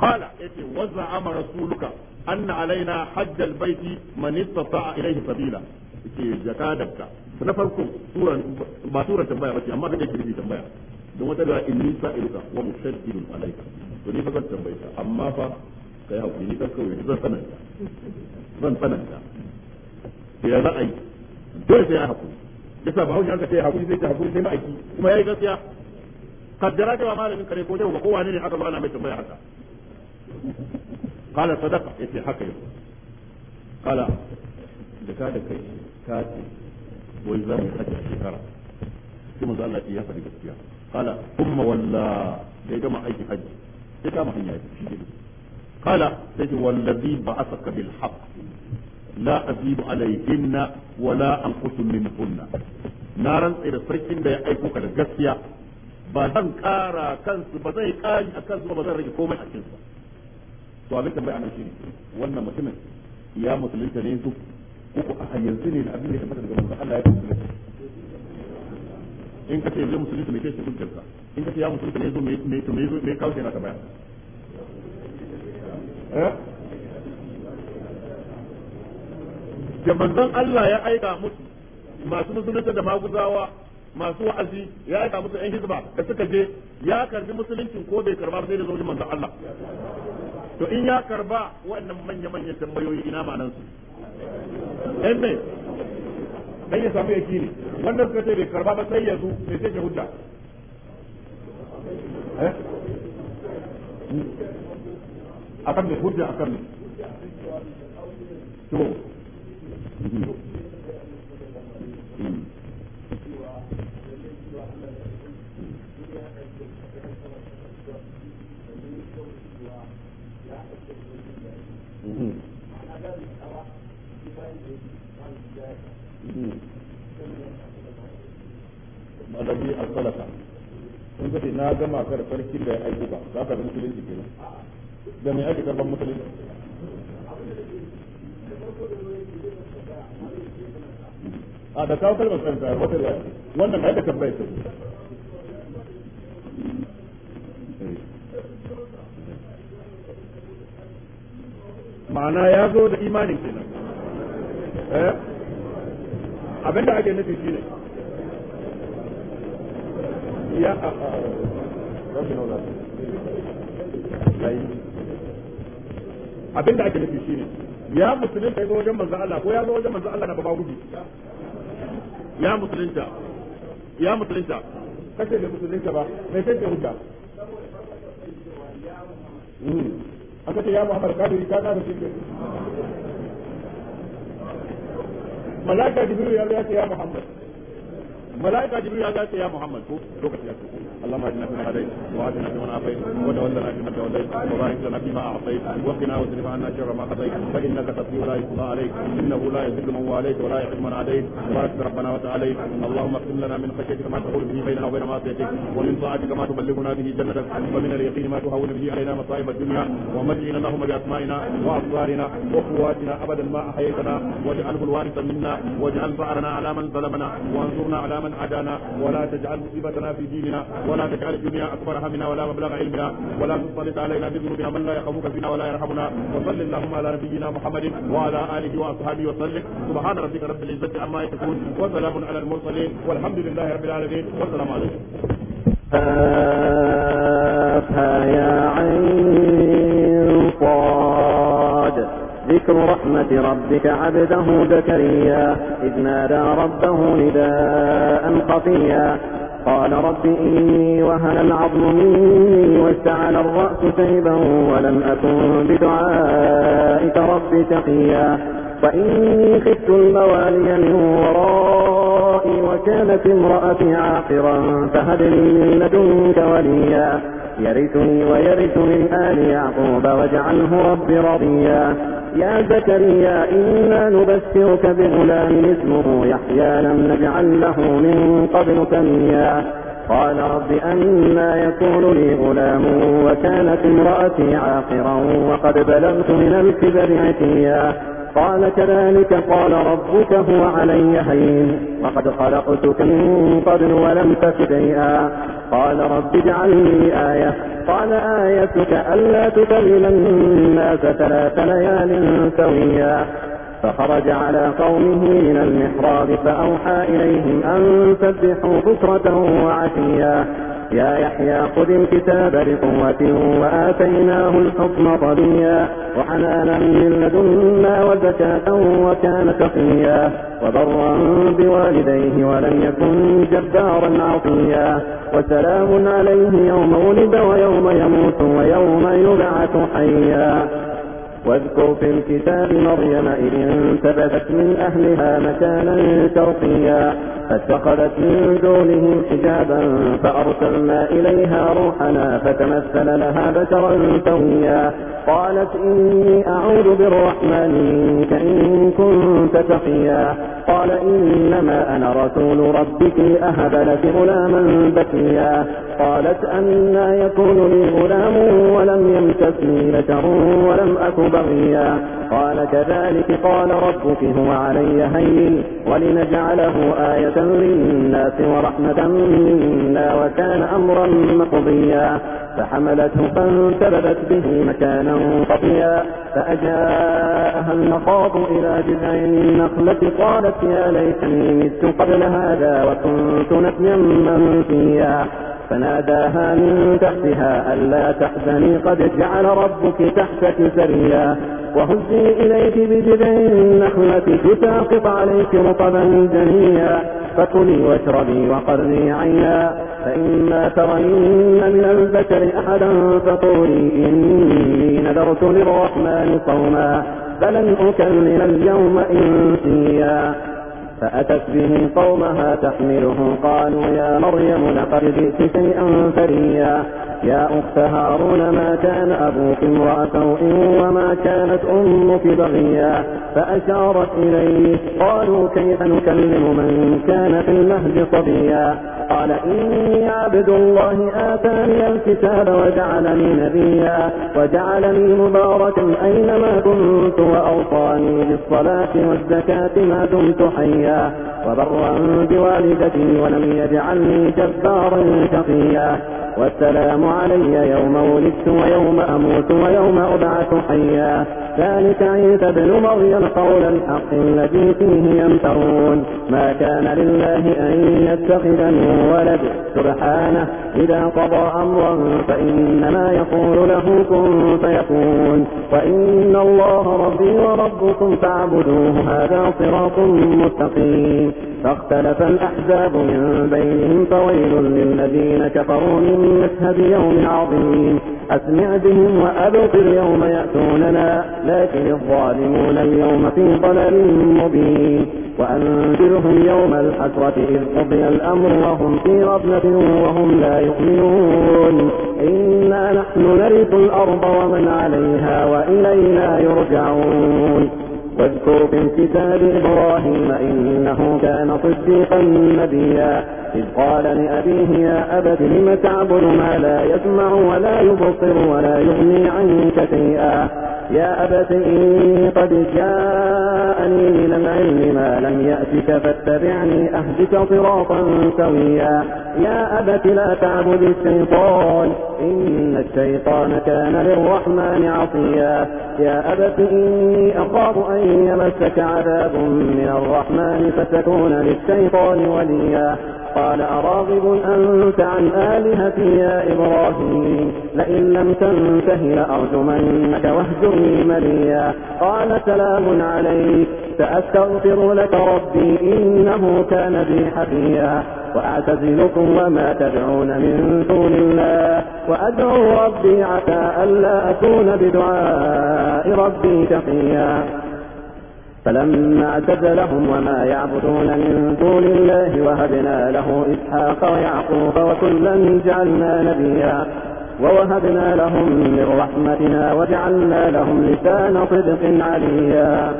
Speaker 1: qala yake wazza amara rasuluka anna alaina hajj baiti man istata'a ilayhi sabila yace zakadabka na farko suran ba suran tambaya bace amma da yake tambaya don wata da inni sa'iluka wa mushaddidun alayka to ni fa zan tambaye amma fa kai hakuri ni kan kawai zan tsananta zan tsananta to ya za a yi dole sai ya hakuri yasa ba haushi aka ce hakuri sai ta sai ma'aiki kuma gaskiya kaddara malamin kare ko dai ba kowa ne aka zo mai tambaya haka قال صدقة يتي حقا aiki قال سيدي والذي بعثك بالحق لا أزيد عليهن ولا أنقص منهن نارا إلى ba zan kara kansu ba zai kari a a cikin da ya tabbata daga manzon baya Eh?
Speaker 3: da manzon Allah
Speaker 1: ya aika musu masu musulunci da maguzawa masu wa'azi ya aika musu yan hizba da suka je ya karbi musuluncin ko bai karba sai da zo manzon Allah to in ya karba waɗannan manya manya tambayoyi ina nan su
Speaker 3: eh me dan ya samu yaki ne
Speaker 1: wannan suka ce bai karba ba sai ya zo sai ka hujja eh? akan da hujja akan mai to Malabi al-Salata, sun na gama karfar da ya aiki ba, za ka zama kudin jikin da mai ake karban musulunci a da kawo kalmar kanta wata da wannan da aka tambaye ta ma'ana ya zo da imanin kenan eh abinda ake nufi shine ya a a rashin abinda ake nufi shine ya musulunta ya zo wajen manzo Allah ko ya zo wajen manzo Allah na baba gudu ya musulunta ya musulunta kace da musulunta ba mai kai ta hujja hmm. aka ce ya Muhammad kadiri ka da shi ke
Speaker 3: malaka jibril ya ce ya Muhammad
Speaker 1: malaika jibril ya ce ya muhammad lokaci ya ce Allah ma jinna hada wa hada wa na bai wa da wanda na jinna da wanda ba ba in na bima a ربنا وتعالى اللهم اقسم لنا من خشيتك ما تقول به بيننا وبين معصيتك ومن طاعتك ما تبلغنا به جنتك ومن اليقين ما تهون به علينا مصائب الدنيا ومجعل اللهم باسمائنا وابصارنا وقواتنا ابدا ما احييتنا واجعله الوارث منا واجعل ثارنا على من ظلمنا وانصرنا على من عادانا ولا تجعل مصيبتنا في ديننا ولا تجعل الدنيا اكبر همنا ولا مبلغ علمنا ولا تسلط علينا بذنوبنا من لا يرحمك فينا ولا يرحمنا وصل اللهم على نبينا محمد وعلى اله واصحابه وسلم سبحان ربك رب العزه عما يصفون
Speaker 4: وسلام على المرسلين والحمد لله رب العالمين والسلام عليكم يا عين صاد ذكر رحمة ربك عبده زكريا إذ نادى ربه نداء خفيا قال رب إني وهن العظم مني واشتعل الرأس شيبا ولم أكن بدعائك رب شقيا وإني خفت الموالي من ورائي وكانت امرأتي عاقرا فهب لي من لدنك وليا يرثني ويرث من آل يعقوب واجعله رب رضيا يا زكريا إنا نبشرك بغلام اسمه يحيى لم نجعل له من قبل سميا قال رب أنا يكون لي غلام وكانت امرأتي عاقرا وقد بلغت من الكبر عتيا قال كذلك قال ربك هو علي هين وقد خلقتك من قبل ولم تك شيئا قال رب اجعل لي آية قال آيتك ألا تكلم الناس ثلاث ليال سويا فخرج على قومه من المحراب فأوحى إليهم أن سبحوا بكرة وعشيا يا يحيى خذ الكتاب بقوة وآتيناه الحكم طبيا
Speaker 3: وحنانا من
Speaker 4: لدنا وزكاة وكان تقيا
Speaker 3: وبرا بوالديه ولم يكن جبارا عطيا
Speaker 4: وسلام عليه يوم ولد ويوم يموت ويوم يبعث حيا واذكر في الكتاب مريم إذ انتبذت من أهلها مكانا شرقيا فاتخذت من دونهم حجابا فأرسلنا إليها روحنا فتمثل لها بشرا سويا قالت إني أعوذ بالرحمن منك إن كنت تقيا قال إنما أنا رسول ربك أهب لك غلاما بكيا قالت أنا يكون لي غلام ولم يمسسني بشر ولم أك بغيا قال كذلك قال ربك هو علي هين ولنجعله آية للناس ورحمة منا وكان أمرا مقضيا فحملته فانتبذت به مكانا قصيا فأجاءها المخاض إلى جذع النخلة قالت يا ليتني مت قبل هذا وكنت نسيا منسيا فناداها من تحتها ألا تحزني قد جعل ربك تحتك سريا وهزي إليك بجذع النخلة تساقط عليك رطبا جنيا فكلي واشربي وقري عينا فإما ترين من البشر أحدا فقولي إني نذرت للرحمن صوما فلن أكلم اليوم إنسيا فأتت به قومها تحمله قالوا يا مريم لقد جئت شيئا فريا يا أخت هارون ما كان أبوك امرأ سوء وما كانت أمك بغيا فأشارت إليه قالوا كيف نكلم من كان في المهد صبيا قال إني عبد الله آتاني الكتاب وجعلني نبيا وجعلني مباركا أينما كنت وأوصاني بالصلاة والزكاة ما دمت حيا وبرا بوالدتي ولم يجعلني جبارا شقيا والسلام علي يوم ولدت ويوم أموت ويوم أبعث حيا ذلك عيسى بن مريم قول الحق الذي فيه يمترون ما كان لله أن يتخذ من ولد سبحانه إذا قضى أمرا فإنما يقول له كن فيكون وإن الله ربي وربكم فاعبدوه هذا صراط مستقيم فاختلف الأحزاب من بينهم فويل للذين كفروا من مشهد يوم عظيم أسمع بهم وأبصر يوم يأتوننا لكن الظالمون اليوم في ضلل مبين وأنذرهم يوم الحسرة إذ قضي الأمر وهم في غفلة وهم لا يؤمنون إنا نحن نرث الأرض ومن عليها وإلينا يرجعون واذكر في الكتاب إبراهيم إنه كان صديقا نبيا إذ قال لأبيه يا أبت لم تعبد ما لا يسمع ولا يبصر ولا يغني عنك شيئا يا أبت إني قد جاء جاءني من العلم ما لم يأتك فاتبعني أهدك صراطا سويا يا أبت لا تعبد الشيطان إن الشيطان كان للرحمن عصيا يا أبت إني أخاف أن يمسك عذاب من الرحمن فتكون للشيطان وليا قال أراغب أنت عن آلهتي يا إبراهيم لئن لم تنته لأرجمنك واهجرني مليا قال سلام عليك فأستغفر لك ربي إنه كان بي حفيا وأعتزلكم وما تدعون من دون الله وأدعو ربي عسى ألا أكون بدعاء ربي شقيا فلما اعتزلهم وما يعبدون من دون الله وهبنا له إسحاق ويعقوب وكلا جعلنا نبيا ووهبنا لهم من رحمتنا وجعلنا لهم لسان صدق عليا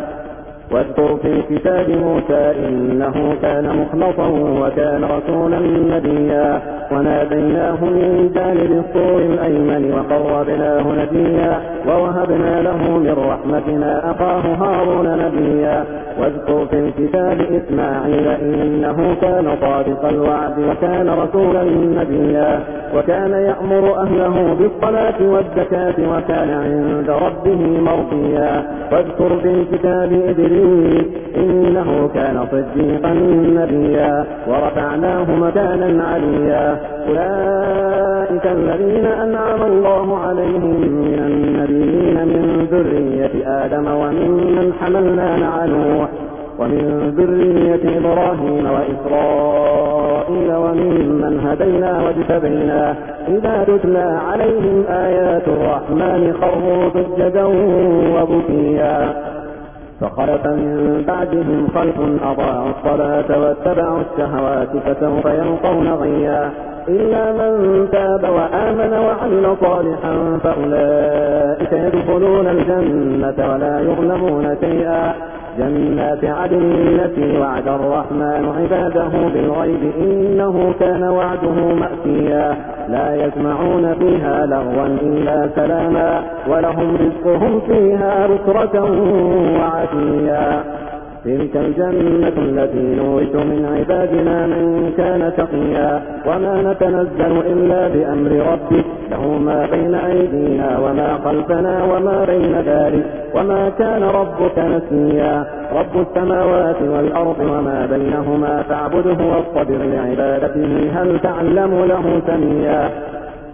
Speaker 4: واذكر في كتاب موسى إنه كان مخلصا وكان رسولا نبيا وناديناه من جانب الطور الأيمن وقربناه نبيا ووهبنا له من رحمتنا أخاه هارون نبيا واذكر في الكتاب إسماعيل إنه كان صادق الوعد وكان رسولا نبيا وكان يأمر أهله بالصلاة والزكاة وكان عند ربه مرضيا واذكر في الكتاب إدريس إنه كان صديقا نبيا ورفعناه مكانا عليا أولئك الذين أنعم الله عليهم من النبيين من ذرية آدم وممن حملنا مع نوح ومن ذرية إبراهيم وإسرائيل وممن هدينا واجتبينا إذا تتلى عليهم آيات الرحمن خروا سجدا وبكيا فخلف من بعدهم خلف أضاعوا الصلاة واتبعوا الشهوات فسوف يلقون غيا إلا من تاب وآمن وعمل صالحا فأولئك يدخلون الجنة ولا يظلمون شيئا جنات عدن التي وعد الرحمن عباده بالغيب إنه كان وعده مأتيا لا يسمعون فيها لغوا إلا سلاما ولهم رزقهم فيها بكرة وعشيا تلك الجنة التي نورث من عبادنا من كان تقيا وما نتنزل إلا بأمر ربك له ما بين أيدينا وما خلفنا وما بين ذلك وما كان ربك نسيا رب السماوات والأرض وما بينهما فاعبده واصطبر لعبادته هل تعلم له سميا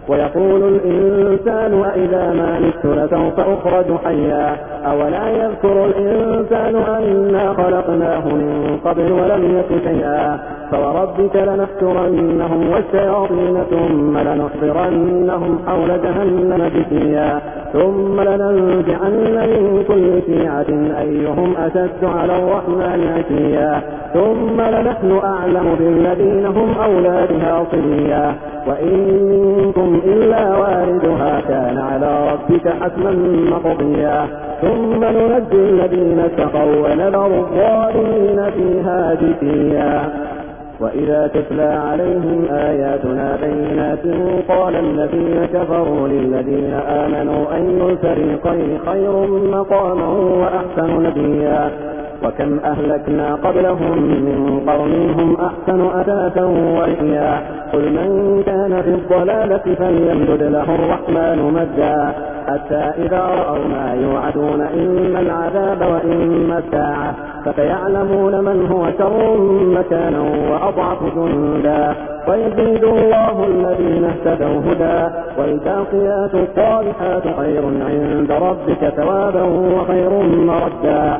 Speaker 4: ويقول الإنسان أإذا ما مت لسوف أخرج حيا أولا يذكر الإنسان أنا خلقناه من قبل ولم يك شيئا فوربك لنحشرنهم والشياطين ثم لنحضرنهم حول جهنم جثيا ثم لننزعن من كل شيعة أيهم أشد على الرحمن عتيا ثم لنحن أعلم بالذين هم أولى بها صليا وإن منكم إلا واردها كان على ربك حتما مقضيا ثم ننجي الذين اتقوا ونذر الظالمين فيها جثيا وإذا تتلى عليهم آياتنا بينات قال الذين كفروا للذين آمنوا أي الفريقين خير مقاما وأحسن نبيا وكم أهلكنا قبلهم من قرن هم أحسن أثاثا ورئيا قل من كان في الضلالة فليمدد له الرحمن مدا حتى إذا رأوا ما يوعدون إما العذاب وإما الساعة فسيعلمون من هو شر مكانا وأضعف جندا ويزيد الله الذين اهتدوا هدى والباقيات الصالحات خير عند ربك ثوابا وخير مردا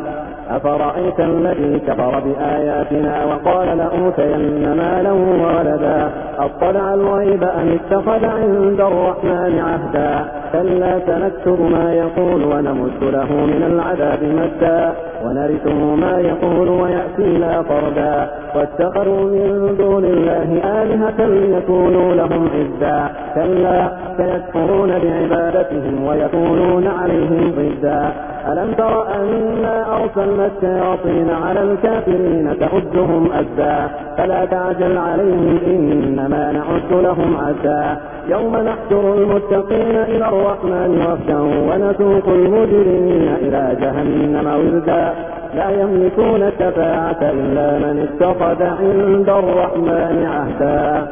Speaker 4: أفرأيت الذي كفر بآياتنا وقال لأوتين مالا وولدا أطلع الغيب أم اتخذ عند الرحمن عهدا كلا سنكتب ما يقول ونمد له من العذاب مدا ونرثه ما يقول ويأتينا فردا واتخذوا من دون الله آلهة ليكونوا لهم عزا كلا سيكفرون بعبادتهم ويكونون عليهم ضدا ألم تر أنا أرسلنا من الشياطين على الكافرين تعدهم أدا فلا تعجل عليهم إنما نعد لهم عدا يوم نحشر المتقين إلى الرحمن وفدا ونسوق المجرمين إلى جهنم وردا لا يملكون الشفاعة إلا من اتخذ عند الرحمن عهدا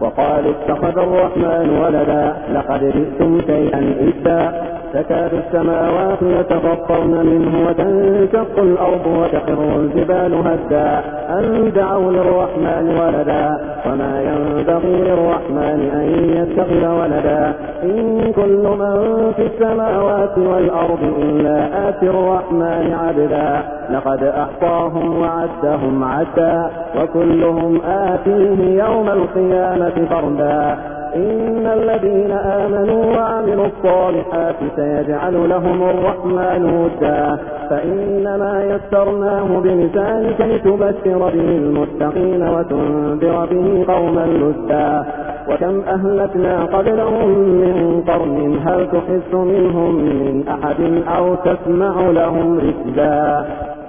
Speaker 4: وقالوا اتخذ الرحمن ولدا لقد جئتم شيئا إدا تكاد السماوات يتفطرن منه وتنشق الأرض وتخر الجبال هدا أن دعوا للرحمن ولدا وما ينبغي للرحمن أن يتخذ ولدا إن كل من في السماوات والأرض إلا آتي الرحمن عبدا لقد أحصاهم وعدهم عدا وكلهم آتيه يوم القيامة فردا إن الذين آمنوا وعملوا الصالحات سيجعل لهم الرحمن ودا فإنما يسرناه بلسانك لتبشر به المتقين وتنذر به قوما لدا وكم أهلكنا قبلهم من قرن هل تحس منهم من أحد أو تسمع لهم ركدا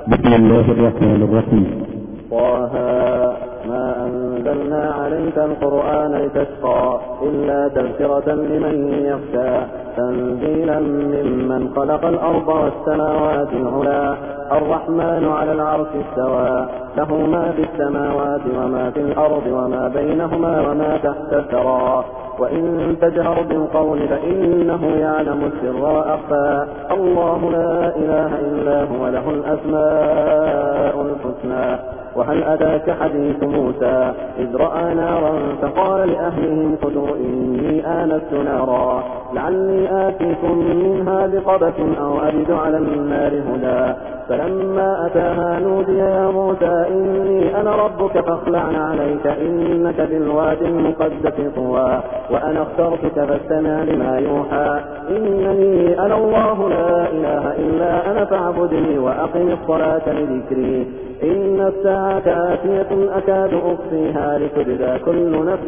Speaker 3: بسم الله الرحمن الرحيم
Speaker 4: أنزلنا عليك القرآن لتشقى إلا تذكرة لمن يخشى تنزيلا ممن خلق الأرض والسماوات العلى الرحمن على العرش استوى له ما في السماوات وما في الأرض وما بينهما وما تحت الثرى وإن تجهر بالقول فإنه يعلم السر وأخفى الله لا إله إلا هو له الأسماء الحسنى وهل أتاك حديث موسى إذ رأى نارا فقال لأهلهم خذوا إني آنست نارا لعلي آتيكم منها بقبة أو أجد على النار هدى فلما أتاها نودي يا موسى إني أنا ربك فاخلع عليك إنك بالواد المقدس طوى وأنا اخترتك فاستمع لما يوحى إنني أنا الله لا إله إلا أنا فاعبدني وأقم الصلاة لذكري إن الساعة آتية أكاد أخفيها لتجزى كل نفس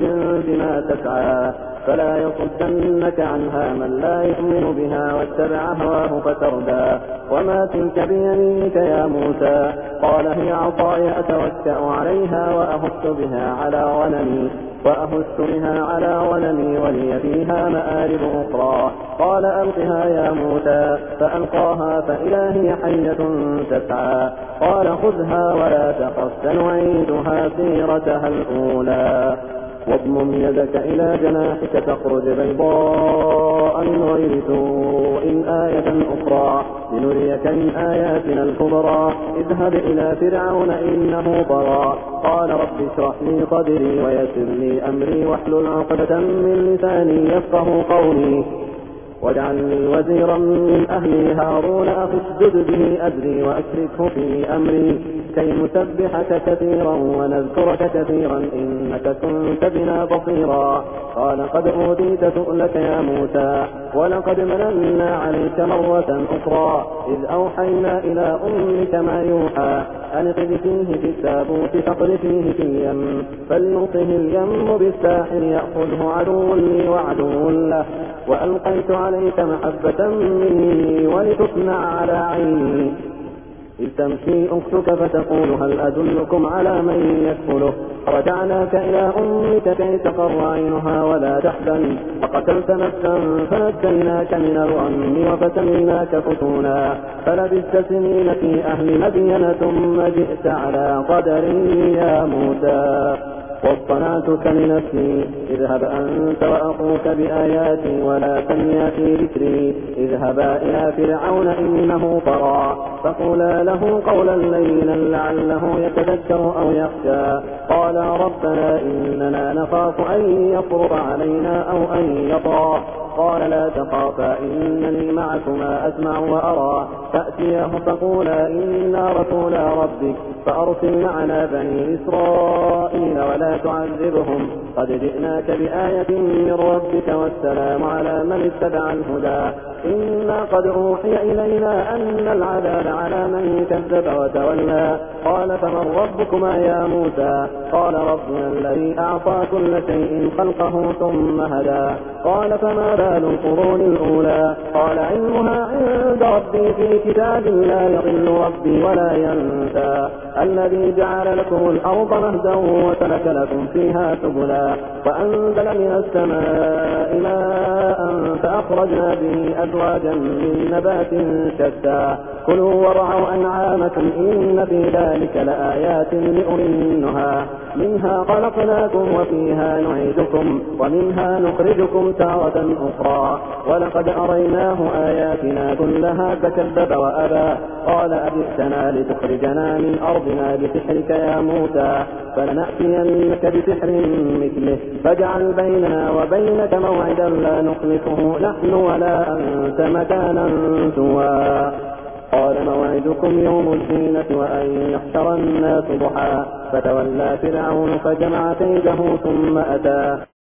Speaker 4: بما تسعى فلا يصدنك عنها من لا يؤمن بها واتبع هواه فتردى وما تلك بيمينك يا موسى قال هي عطاي أتوكأ عليها وأهث بها على غنمي وأهث بها على غنمي ولي فيها مآرب أخرى قال ألقها يا موسى فألقاها فإذا هي حية تسعى قال خذها ولا تخف سنعيدها سيرتها الأولى واضمم يدك إلى جناحك تخرج بيضاء من غير سوء آية أخرى لنريك من آياتنا الكبرى اذهب إلى فرعون إنه طغى قال رب اشرح لي صدري ويسر لي أمري واحلل عقدة من لساني يفقه قولي واجعلني وزيرا من أهلي هارون أخي به أجري وأشركه في أمري كي نسبحك كثيرا ونذكرك كثيرا إنك كنت بنا بصيرا قال قد أوتيت سؤلك يا موسى ولقد مننا عليك مرة أخرى إذ أوحينا إلى أمك ما يوحى أن فيه في التابوت فيه في اليم فليلقه اليم بالساحل يأخذه عدو لي وعدو له وألقيت على عليك محبة مني ولتصنع على عيني إذ تمشي أختك فتقول هل أدلكم على من يكفله رجعناك إلى أمك كي تقر عينها ولا تحزن فقتلت نفسا فنجيناك من الغم وفتناك فتونا فلبثت سنين في أهل مدين ثم جئت على قدر يا موسى والصلاة كالنسل اذهب أنت وأخوك بآياتي ولا تنيا في ذكري اذهبا إلى فرعون إنه طغى فقولا له قولا لينا لعله يتذكر أو يخشى قالا ربنا إننا نخاف أن يفرط علينا أو أن يطغى قال لا تخافا إنني معكما أسمع وأرى فأتياه فقولا إنا رسولا ربك فأرسل معنا بني إسرائيل ولا تعذبهم قد جئناك بآية من ربك والسلام على من اتبع الهدى إنا قد أوحي إلينا أن العذاب على من كذب وتولى قال فمن ربكما يا موسى قال ربنا الذي أعطى كل شيء خلقه ثم هدى قال فما بال القرون الأولى قال علمها عند ربي في كتاب لا يضل ربي ولا ينسى الذي جعل لكم الأرض مهدا وسلك لكم فيها سبلا وأنزل من السماء ماء فأخرجنا به أزواجا من نبات شتى كلوا وارعوا أنعامكم إن في ذلك لآيات لأولي النهى منها خلقناكم وفيها نعيدكم ومنها نخرجكم تارة أخرى ولقد أريناه آياتنا كلها فكذب وأبى قال أجئتنا لتخرجنا من أرضنا بسحرك يا موسى فلنأتينك بسحر مثله فاجعل بيننا وبينك موعدا لا نخلفه نحن ولا أنت وأنت مكانا سوى قال موعدكم يوم الزينة وأن يحشر الناس ضحى فتولى فرعون
Speaker 3: فجمع كيده ثم أتى